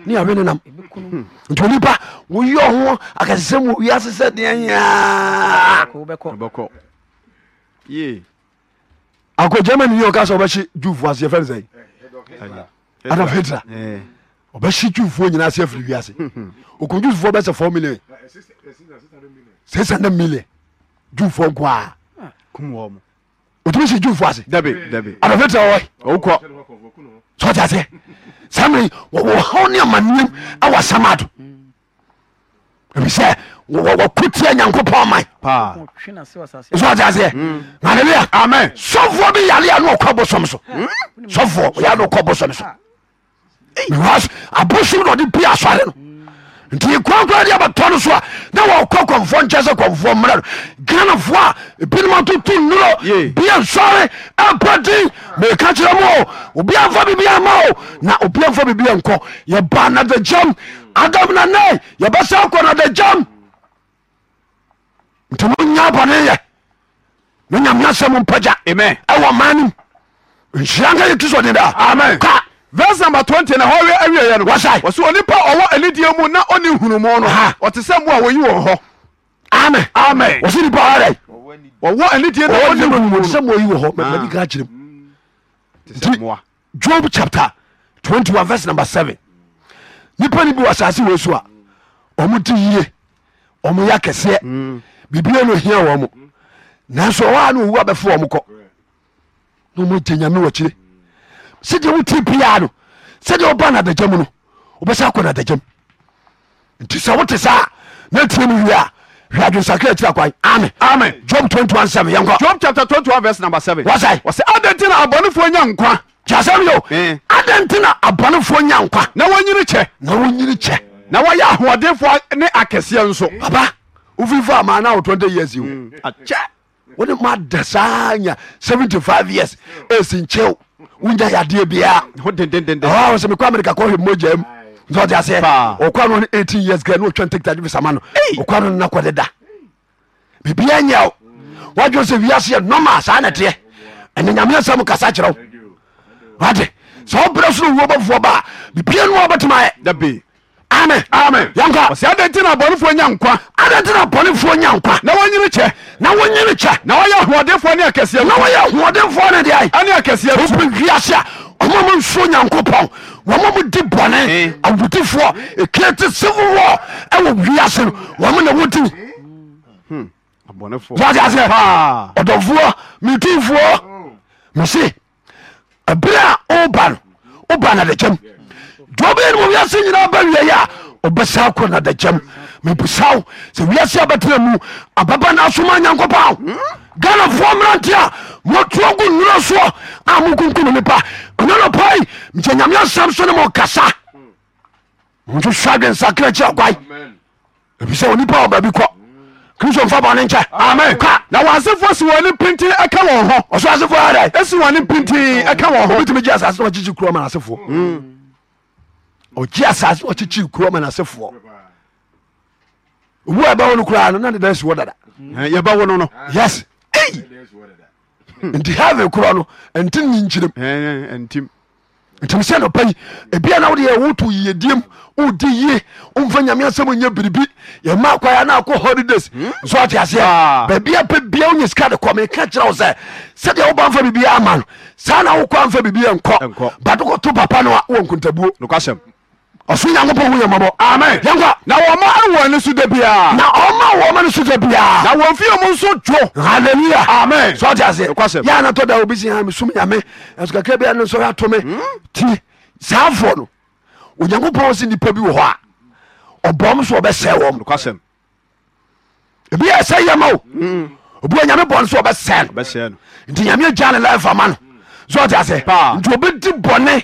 ne yɛwe ne nam hmm. nti onipa woyɛ ho akasɛ sɛ wiase sɛ deɛ nyaa akɔ germany yɛ ɔka sɛ wobɛhye jufo aseɛ fɛne sɛ adafetra ɔbɛhye jufoɔ nyina ase afiri wiase okun jufoɔ bɛsɛ four million six hundred million jufoɔ nko a otumi si jufoɔ ase adɔfɛ tɛ wɔwɔ ɔwɔkɔ sɔɔti ase sami wɔwɔ haw ni amaniam Awa samado ebisɛ wɔkɔ tia nyanko pɔn ɔman sɔɔti ase mm. hallelujah amen sɔfoɔ bi yale anu ɔkɔ bɔsɔm so hmm? sɔfoɔ yale ɔkɔ bɔsɔm so. abosde pi sare ntkokarbe tosa nefbnmtt o b sore pdnka eremoemdmneskoadejm tm yabonye e yami semu peja me ewo manim nsira keye kristo dendamen vers numbe 20 na hɔ wɛ awieɛ no wɔsae wɔsɛ onipa ɔwɔ anidiɛ mu na ɔne hunumu no ɔte sɛ mmoa wɔyi wɔn hɔ amen amen wɔsɛ nipa ara wɔwɔ anidie na ɔne hunumu no sɛ mmoa yi wɔ hɔ mabi ka kyerɛ mu nti job chapter 21 vers number 7 nipa ni bi wɔ asase wɔ so a ɔmo te yie ɔmo yɛ kɛseɛ mm. bibia no hia wɔn mo nanso ɔwɔ a no owu abɛfo wɔn kɔ na ɔmo gye nyame wɔ kyire sede woti pia no sede woba na adagyamu no wobɛsa kɔ na adagyam nti sɛ wote saa na tie mu wie a hwɛ adwensakra akyira kwan ame ame job 21 7 yɛnkɔ job chapter 21 verse number seven. wɔsɛe wɔsɛ adɛn nti na abɔnefoɔ nya nkwa kyasɛm yo eh. adɛn na abɔnefoɔ nya nkwa na wɔnyini kyɛ na wɔnyini kyɛ na wɔyɛ ahoɔdenfoɔ ne akɛseɛ nso aba wofirifa ama na wo 20 years yi wo hmm. akyɛ wode ma da saa nya 75 years ɛsi hmm. nkyɛw wonya yadeɛ biaa oh, sɛ mekɔ amerika kɔhwɛ mogya mu nti ɔde aseɛ ɔkwa no ne 18 years gra ne ɔtwa ntakta de bisama no ɔkwa no nna kɔde da bibia nyɛ wo wadwene sɛ wiase yɛ nɔma saa na teɛ ɛne nyameɛ sɛm kasa kyerɛ wo wade sɛ wobrɛ soro wuo bɔfoɔ ba bibia no wabɛtuma ɛ amen amen yanka ɔsɛ adɛn nti na abɔnefoɔ nya nkwa adɛn nti na abɔnefoɔ nya nkwa na wɔnyere kyɛ na wɔnyere kyɛ na wɔyɛ ahoɔdenfoɔ ne akɛseɛ na wɔyɛ ahoɔdenfoɔ ne deɛ ɛne akɛseɛ wopɛ wiase a ɔma mo nsuo nyankopɔn wɔma mo di bɔne awudifoɔ ɛkete civil war ɛwɔ wiase no wɔmo na wodi hmm. sɛ ɔdɔfoɔ metimfoɔ hmm. mese ɛberɛ a woba no woba na dakyam dɔbɛn mu wiase nyinaa bɛ ya, o a ɔbɛsa kɔ na dakyɛm mebusa wo sɛ wiase abɛtena mu ababa no asoma nyankopɔn ghanafoɔ mmerante a motoa gu nnuro soɔ a mokunkum nipa ɔno no pai mekyɛ nyame asɛm so ne mɔkasa nhwehwɛ adwe nsakra kyi agwae ebisɛ onipa a ɔbaabi kɔ kristo mfa bɔne nkyɛ amen ka na wɔasefoɔ si wɔne pinti ɛka wɔn hɔ ɔso asefoɔ ada ɛsi wɔne pinti mm. ɛka wɔn hɔ obɛtumi gye asase no wakyekye kuro ma asefoɔ mm. ɔgye asase ɔkyekyere kuro ma nasefoɔ owu a ɛbɛwo no koraa no na deda asi wɔ dada yɛbɛwo no no yes ei nti heaven korɔ no ɛntim ne ntim sɛ no pɛyi ebia na wode yɛwoto yiediem wodi yie womfa nyame asɛm nyɛ biribi yɛma kwaeɛ na akɔ holidays nso ate aseɛ baabia pɛ bia wonya sika de kɔ meka kyerɛ wo sɛ sɛdeɛ woba mfa biribia ama no saa na wokɔ amfa biribia nkɔ but papa no a wɔ nkontabuo ɔso nyankopɔn hu yɛmmɔbɔ amen yɛnkɔ na wɔma awɔ ne so da biaa na ɔma wɔma ne so da biaa na wɔmfie mu nso dwo halleluya amen sɛ ɔte aseɛ yɛ na tɔ da obi si ha ah, mesom nyame ɛso kakra bia ne nsɔre ato me hmm? ti saa foɔ no onyankopɔn se nnipa bi wɔ hɔ a ɔbɔm so ɔbɛsɛe wɔm ebi yɛ sɛ yɛ ma o hmm. obi wɔ nyame bɔne so ɔbɛsɛe no nti nyame agya ne life ama no sɛ ɔte aseɛ nti obɛdi bɔne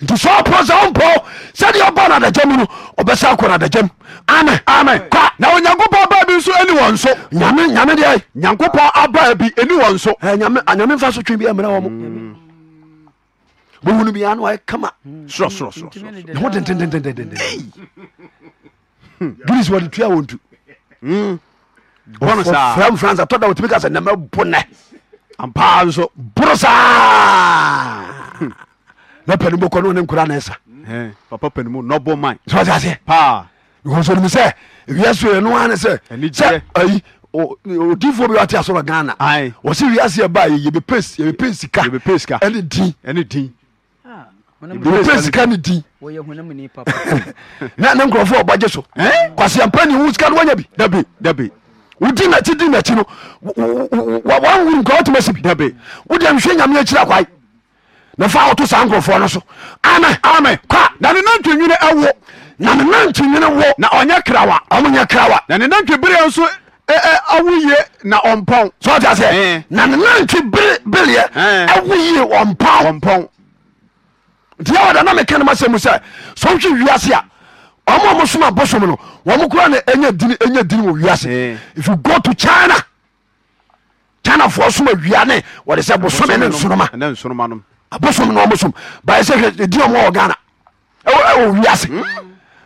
nti sɛ ɔpo sɛ wompo sɛdeɛ ɔbɔ no adagya mu no ɔbɛsa kɔ no adagya mu amen amen ka na onyankopɔn aba bi nso ani wɔn so nyame nyame deɛ nyankopɔn aba bi ani wɔn so eh, nyame anyame ah, mfa so twe bi ammerɛ wɔ mo mm. bohunu bia no ayɛ kama mm. sorɔsorɔsorɔ ne ho dentendendendenden dunis wɔde tua wɔ ntu fram france atɔda wotumi ka sɛ nnɛma bonɛ ampaa nso boro saa na panim bɔkɔ ne ɔne nkora na papa panimu nɔbɔ man sɛ ɔsɛ aseɛ because onim sɛ wiase yɛ no ane sɛ sɛ ayi odifo bi wate asɔrɔ ghana wɔsɛ wiase ɛba yɛbɛpɛ sika ɛne din ɛne din yɛbɛpɛ sika ne din ah, na ne nkurɔfoɔ ɔbɔgye so kwaseampa ne wo sika no wanya bi dabi dabi wodi nakyi di nakyi no wawo nka wotuma si bi wode nhwɛ nyame akyira kwae nafa woto saa nkurɔfoɔ no so ame ka na ne nantwe nwene ɛwo na ne nantwe nwene wo na ɔnyɛ krawa ɔmo nyɛ krawa na ne nantwe bereɛ nso awo yie na ɔmpɔn so ɔte aseɛ na ne nantwe bereɛ awo yie ɔmpɔn ɔmpɔn nti yɛ wɔda na meka no masɛ mu sɛ sɛ wohwe wiase a ɔmo ɔmo soma bosom no wɔmo kora ne ɛnya dini ɛnya dini wɔ wiase if you go to China China foɔ soma wia ne wɔde sɛ bosome ne nsoroma abosom na ɔmosom baɛ sɛ ɛdi ɔmɔ wɔ ghana ɛwɔ e e wiase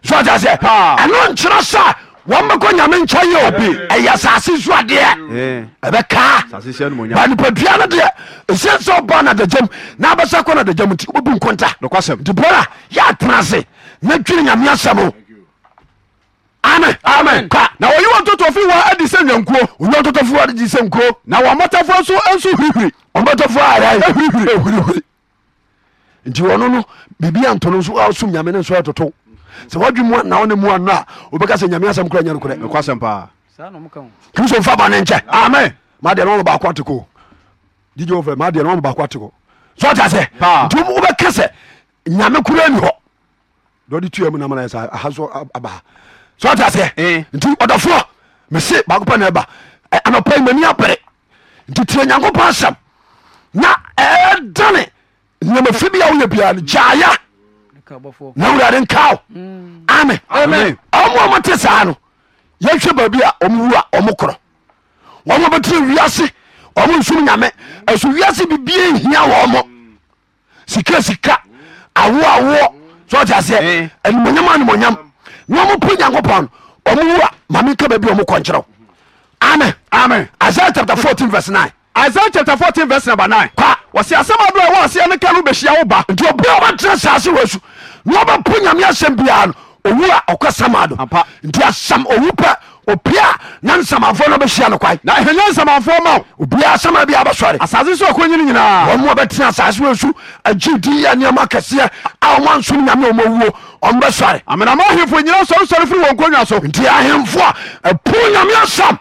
so ta sɛ ɛno nkyerɛ sa wɔmmɛkɔ nyame nkyɛn yɛ obi ɛyɛ asase so adeɛ ɛbɛkaa ba nipadua no deɛ ɛsie sɛ ɔba na dagyam na abɛsɛ kɔ na dagyam nti wobɛbu nkonta nti brɔda yɛ atena ase na twene nyame asɛm o amen amen. ka na wɔyi wɔ ntotɔfo wɔ adi sɛ nwankuo wɔyi wɔ ntotɔfo wɔ adi sɛ nkuo na wɔn mmɔtafoɔ nso nso hirihiri wɔn mmɔtafoɔ ayɛ ahirihiri nti wɔno no biribia nto no nso asom nyame no nso atoto sɛ wadwe mu na wone mu ano a wobɛka sɛ nyame asɛm kora nyɛ nokorɛ nokwasɛm paa kristo mfa ba ne nkyɛ amen madeɛ no wɔbaako ate ko gyigye wo fɛ madeɛ no wɔbaako ate ko so ɔta sɛ nti wobɛka sɛ nyame kora ni hɔ dɔde tua mu namana sɛ aha so abaa so ɔta sɛ eh. nti ɔdɔfoɔ mese baako pɛ na ɛba anɔpa mani apere nti tie nyankopɔn asɛm na ɛɛdane nneɛma fi bia woyɛ bia no gyaaya na wurade nkaw ame ɔmo ɔmo te saa no yɛhwɛ baabi a ɔmo wu a ɔmo korɔ ɔmo bɛtere wiase ɔmo nsom nyame ɛso wiase bibia nhia wɔ ɔmo sika sika awo awo sɛ ɔte aseɛ eh. animonyam animonyam na ɔmo po nyankopɔn no ɔmo wu a mame nka baabi a ɔmo kɔnkyerɛw ame ame isaia chapter fourteen verse nine isya cha 4 a s samdose ae bayna f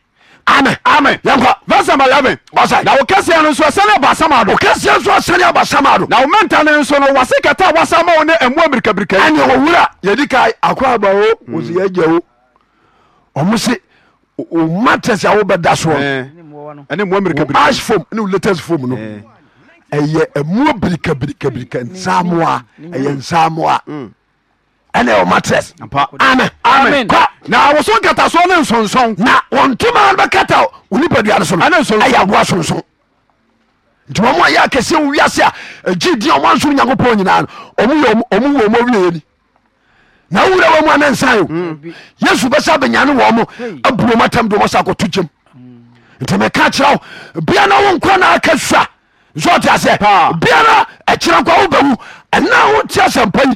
amen amen yɛnkɔ verse number eleven ɔsɛ na wo kɛseɛ no a wɔsa ma wo ne ɛmmoa birikabirika mm. a wobɛda soɔ ɛne mmoa birikabirika ash no ɛyɛ ɛmmoa birikabirikabirika nsamoa ɛyɛ nsamoa mm. ɛne wɔ matters amen kɔ na woso nkatasoɔ ne nsonson na wɔntoma no bɛkata onipadua no so no ɛyɛ aboa sonson nti wɔn a yɛ akɛseɛ wɔ wiase a gyi di ɔmo anso nyankopɔn nyinaa no ɔmo yɛ ɔmo wɔ ɔmo awie ni na wura wɔn mu anansan o hmm. yesu bɛsa abɛnyane wɔn mo aburo ɔmo atam do ɔmo sa akɔto gyem nti mɛ ka kyerɛ wo bia na wo nkɔ na aka sua nsɔɔ ti asɛ bia na ɛkyerɛ nkɔ awo bɛwu ɛna awo ti asɛ mpa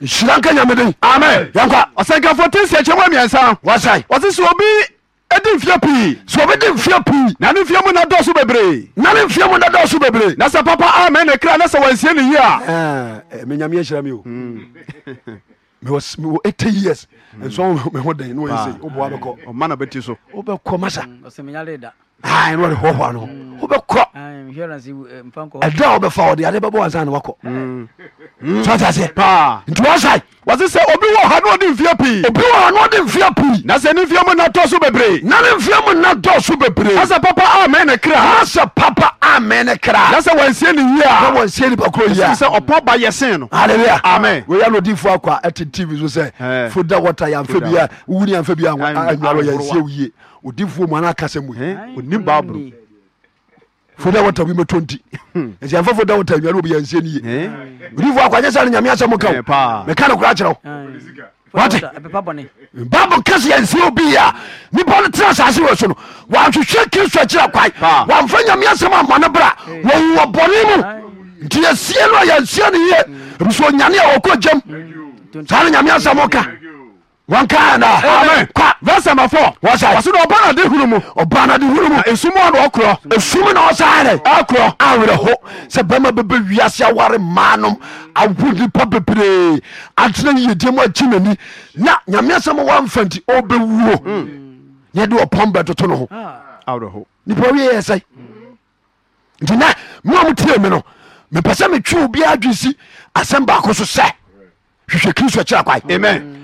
nhyira nka nyameden amen yɛnkwa ɔsɛnkafo te nsiakyɛ wa mmiɛnsa wasae wɔse sɛ obi ɛdi mfia pii sɛ obi di mfia pii na ne mfia mu na dɔɔso bebree na ne mfia mu na dɔɔso bebree na sɛ papa amen ne kra na sɛ wansie ne yie a menyame ahyira me o mewɔ 80 years mm. nso meho den ne wɔyɛ sɛ woboa bɛkɔ ɔma na bɛti so wobɛkɔ masa mm, ɛnwade hɔhoa no wobɛkɔ ɛda wobɛfa wɔde ade bɛbɔ wansa ne wakɔ sase nti wasai wɔse sɛ obi wɔ ha ne ɔde mfia pii obi wɔ ha ne ɔde mfia pii na sɛ ne mfia mu natɔ so bebree na ne mfia mu natɔ so bebree asɛ papa amɛ ne kra na sɛ papa amɛ ne kra na sɛ wɔnsie ne yie a na wɔnsie nipa koro yie a sɛ ɔpɔ ba yɛ sen no aleluya amen wɔyɛ no odiifo akɔ a ɛte tv so sɛ foda wɔta yɛmfa bia wowuni yɛmfa bia anwa yɛnsie wo yie odifoɔ mu anakasɛ mu onim bible fo da wata wi mɛtɔ nti hmm. nti ɛmfa fo da wata nnuane obi yɛnsie ni ye odifoɔ akwanyɛ sɛ no nyame asɛ mo ka wo meka no kura kyerɛ wo wate bible ka sɛ yɛnsie obi ya nipa no tena asase wɔ so no wɔahwehwɛ kristo akyirɛ kwae wɔamfa nyame asɛ amma no bra wɔwu wɔ bɔne mu nti yɛsie no a yɛnsie no ye ɛbi so onyane a wɔkɔ gyam saa no nyame asɛm ɔka wọn ká ẹ̀dá amen kwa verse number four wọ́n ṣe wọ́n ṣe ọba náà di huru mu ọba náà di huru mu esumu ọ̀nà ọkùrọ̀ esumu náà ọ̀sán rẹ̀ ọkùrọ̀ awèrè hó sẹ bẹ́ẹ̀ma bẹ́ẹ̀ wíyásí awari mánum awu nípa bebree atena yíyẹ diẹ mu akyi nani na nyàmíà sẹ́mu wà nfẹ̀ntì ó bẹ wúwo yẹ di ọ̀pọ̀n bẹ̀ tuntun nù hó nípa wíyẹ yẹ sẹ́yì nti nẹ mu àwọn tiẹ̀ mi nù mipasẹ́ mi twi obi adu si asẹ́m baako so sẹ́ hwehwẹ́ kí n sọ kyerɛ yi amen.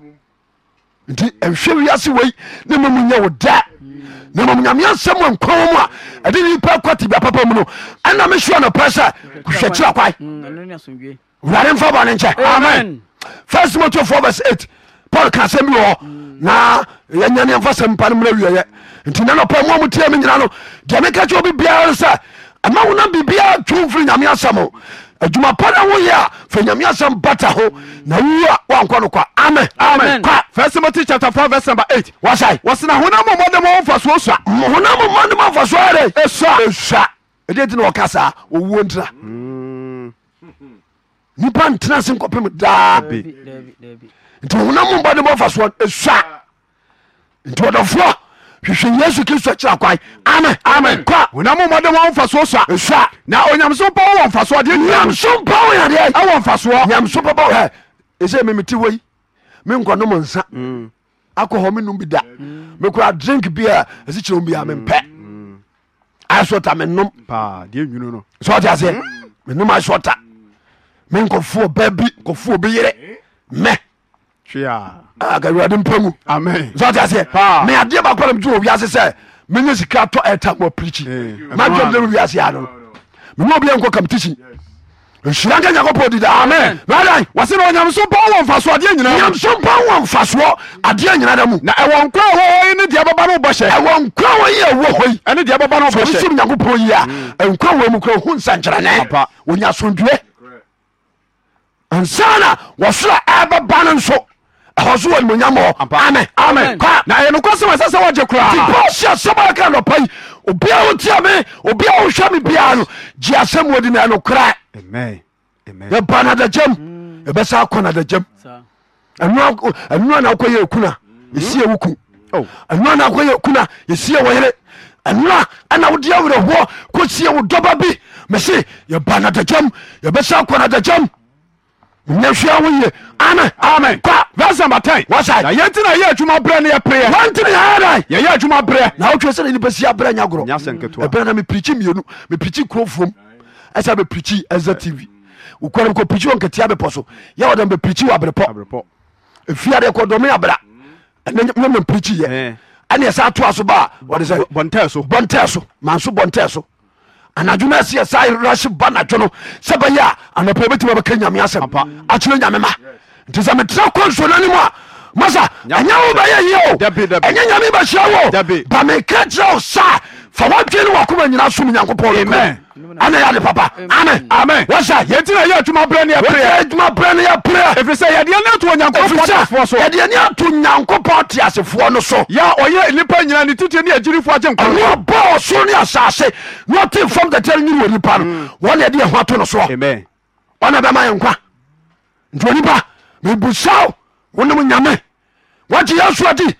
nti mfwɛ wiase wei ne mmu nyɛ wo dɛ nmnyamea nsɛma nkowmu a ɛdene ipa kɔte bia papa mu no ɛna mesa no pɛ sɛ kwɛ kyera kwa mm, wurare mfa bɔne nkyɛ mn fs timotho 4:8 paul ka sɛm bi ɔnyɛyaneɛasmpnaɛ mm. ntinnpmmute me nyina no deɛ meka kye wobi biara ne sɛ ɛma wona biribiaa two mfiri nyame asɛm o adwuma pa na woyɛ a fa nyame asɛm bata ho na wu woankɔ no kwa amen first timothy chapter 4 verse 8 wasae wɔsena honam mmɔde ma wɔmfa sua honam mmɔde ma mfa ade ɛsua ɛsua ɛdeɛ na wɔka saa ɔwuo ntena nipa ntena se nkɔpem daa bi nti honam mmɔde ma wɔmfa ɛsua nti ɔdɔfoɔ hwehwɛ yesu kristo kyerɛ kwan amen amen kɔ onamomɔde wɔ mfasoɔ sa ɛsa na onyamso mpa wɔ mfasoɔ deɛ nyamso mpa wɔ yadeɛ ɛwɔ mfasoɔ nyamso mpa wɔ ɛsɛ memete wɔ yi menkɔnom nsa mm. akɔhɔ menum bi da mekora drink bi a ɛsi kyerɛ bi a mempɛ ayɛsɔ ta menom sɛ ɔte aseɛ menom ayɛsɔ ta menkɔfoɔ ba bi nkɔfoɔ bi yere mɛ awurade mpa mu sɛ aseɛ me adeɛ bakoa na mtu wɔ wiase sɛ menya sika tɔ ɛta wɔ pirikyi madwam dɛ wiase a no mema obia nkɔ kamtisi nhyira nka nyankopɔn dida amen bada wɔse na ɔnyam so mpɔn wɔ mfasoɔ adeɛ nyina nyam so wɔ mfasoɔ adeɛ nyina da mu na ɛwɔ nkwa wɔ yi ne deɛ bɛba no wobɔhyɛ ɛwɔ nkwa wɔ yi ɛwɔ hɔ yi ɛne deɛ bɛba no wobɔhyɛ sɛ nyankopɔn yi a hmm. nkwa wɔ mu kora hu nsɛnkyerɛne ɔnya asomdue ansa na wɔsoro ɛbɛba no nso hosowayankossee e kraosi semka dopa obia otiame obia ose me biao ji sem wdinne kraeban aa doa m sia woye n vnbe t syetin ye uma bre n yeprt eye uma bre s br yepri piopoprcirpobr prchi nsa toa so babuntes o bunte so anadwo no asiɛ sa rashe ba nadwo no sɛ bɛyɛ a anapa wobɛtimi bɛka nyame asɛm akyerɛ nyame ma nti sɛ metera kɔ nsuo no anim a masa ɛnyɛ wo bɛyɛ yeo ɛnyɛ nyame bɛhyia wo ba meka kyerɛ wo saa fa wadwe ne wakoma nyina som nyankopɔn ɛne yɛde papa ame wasa yɛntina yɛ adwuma berɛ ne yɛprɛ adwuma berɛ ne yɛprɛ ɛfiri sɛ yɛdeɛ ne ato onyankopɔnteasefoɔ so yɛdeɛ ne ato nyankopɔn teasefoɔ no so yɛ ɔyɛ nipa nyina ne titire ne agyirifoɔ agye nkɔne ɔbɔ ɔsoro ne asase na ɔte fam tatɛre nyiri wɔ nipa no mm. wɔne yɛde yɛho ato no soɔ ɔne bɛma yɛ nkwa nti onipa mebusaw wonom nyame wagye yɛ soadi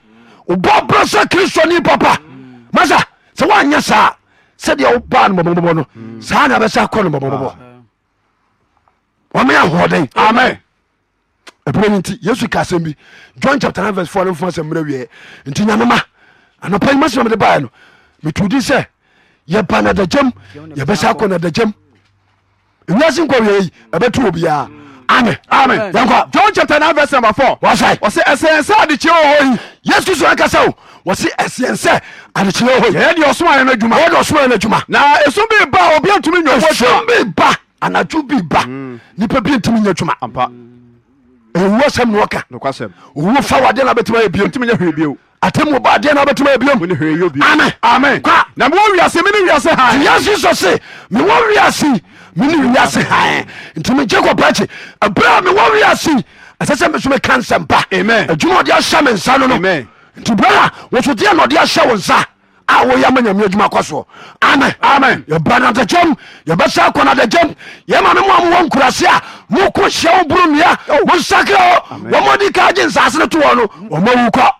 wobɔ berɛ sɛ kristoni papa mm. masa sɛ woanyɛ saa sɛdeɛ woba no bɔbɔbɔ no saa na bɛsɛ kɔ no bɔbɔbɔ ɔmeyɛ ahoɔden amen ɛpɛrɛ no nti yesu ka asɛm bi john chapter 9 verse 4 ne mfa sɛ mmerɛ wieɛ nti nyamema anɔpa nyima sɛ mede baɛ no metu di sɛ yɛba nadagyam yɛbɛsɛ akɔ nadagyam ewiase nkɔ wiei ɛbɛto obiaa amen amen yɛnkɔ john chapter nine verse number four wɔsɛn wɔsɛ ɛsɛn sɛ adekyerɛ wɔ hɔ yi yesu sɔ ɛkasa o wɔsi ɛsɛn sɛ adekyerɛ wɔ hɔ yi yɛyɛ deɛ ɔsoma yɛ n'adwuma yɛyɛ deɛ ɔsoma yɛ n'adwuma na esun bi ba obi ntumi nyɔ wɔ jɔ esun bi ba anadu bi ba nipa bi ntumi nyɛ adwuma owó sɛm ni wɔka owó fa wadeɛ na bɛtuma yɛ bio atemu ba adeɛ na bɛtuma yɛ bio amen amen na mi wɔ wiase mi ni wiase ha yesu sɔ se mi wɔ wiase mene wiase ha ntimi jacob akyi ɛberɛ mewɔ wiase ɛsɛ sɛ meso meka nsɛmpa adwuma ɔde ahyɛ me nsa no no nti brada wɔsodeɛ na ɔde ahyɛ wo nsa a woyɛ ma nyame adwuma kɔ soɔ amen amen yɛba nadagyam yɛbɛsa kɔ nadagyam yɛma me moa mowɔ nkurase a moko hyɛ wo boro oh. nnua monsakra o wɔmɔdi ka gye nsase no to wɔ no ɔma wu kɔ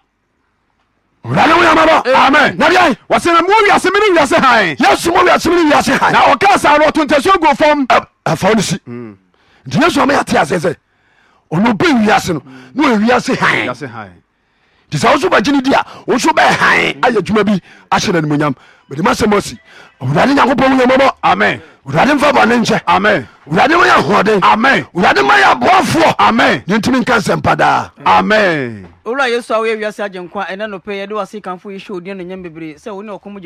wurade wo yamabɔ eh. amen nabiae wɔsena mo wiase mene wiase han yesu mo wiase mene wiase han na ɔka saa no ɔtontasio go fam afa eh, eh, wo no si hmm. nti yesu ama yɛte asɛ sɛ ɔno ɔbɛ wiase no hmm. na ɔyɛ wiase han nti sɛ wo so bagye no di a wo so bɛɛ han ayɛ adwuma bi ahyɛ no animonyam mede masɛm asi wurade nyankopɔn amen wurade mfa bɔne nkyɛ amen wurade ma ahoɔden amen wurade ma aboafoɔ amen ne ntimi nka nsɛmpa daa amen owura yesu a woyɛ wiase agyenkwa ɛnɛ nopɛ yɛde wase kamfo yi hyɛ odin nonyam bebree sɛ wo ne ɔkom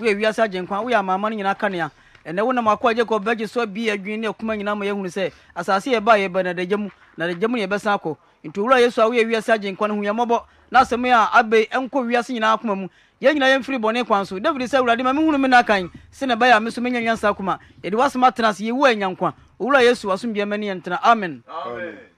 woyɛ wiase agyenkwa woyɛ amaama no nyinaa kanea ɛnɛ wonam akɔ agye kɔ bɛgye so bi adwin ne akoma nyinaa ma yɛhunu sɛ asase yɛba yɛbɛ nadagya mu nadagya mu ne yɛbɛsan akɔ nti owura yesu a woyɛ wiase agyenkwa no hu yɛmmɔbɔ na asɛm a abei ɛnkɔ wiase nyinaa akoma mu yɛn nyinaa yɛn firi bɔne kwan so david sɛ awurade ma mehunu me no akan sɛne ɛbɛyɛ a me so menya nyansa akoma yɛde woasɛm atena ase yɛwu anyankwa owura yesu asomdua mani yɛntena amen. amen.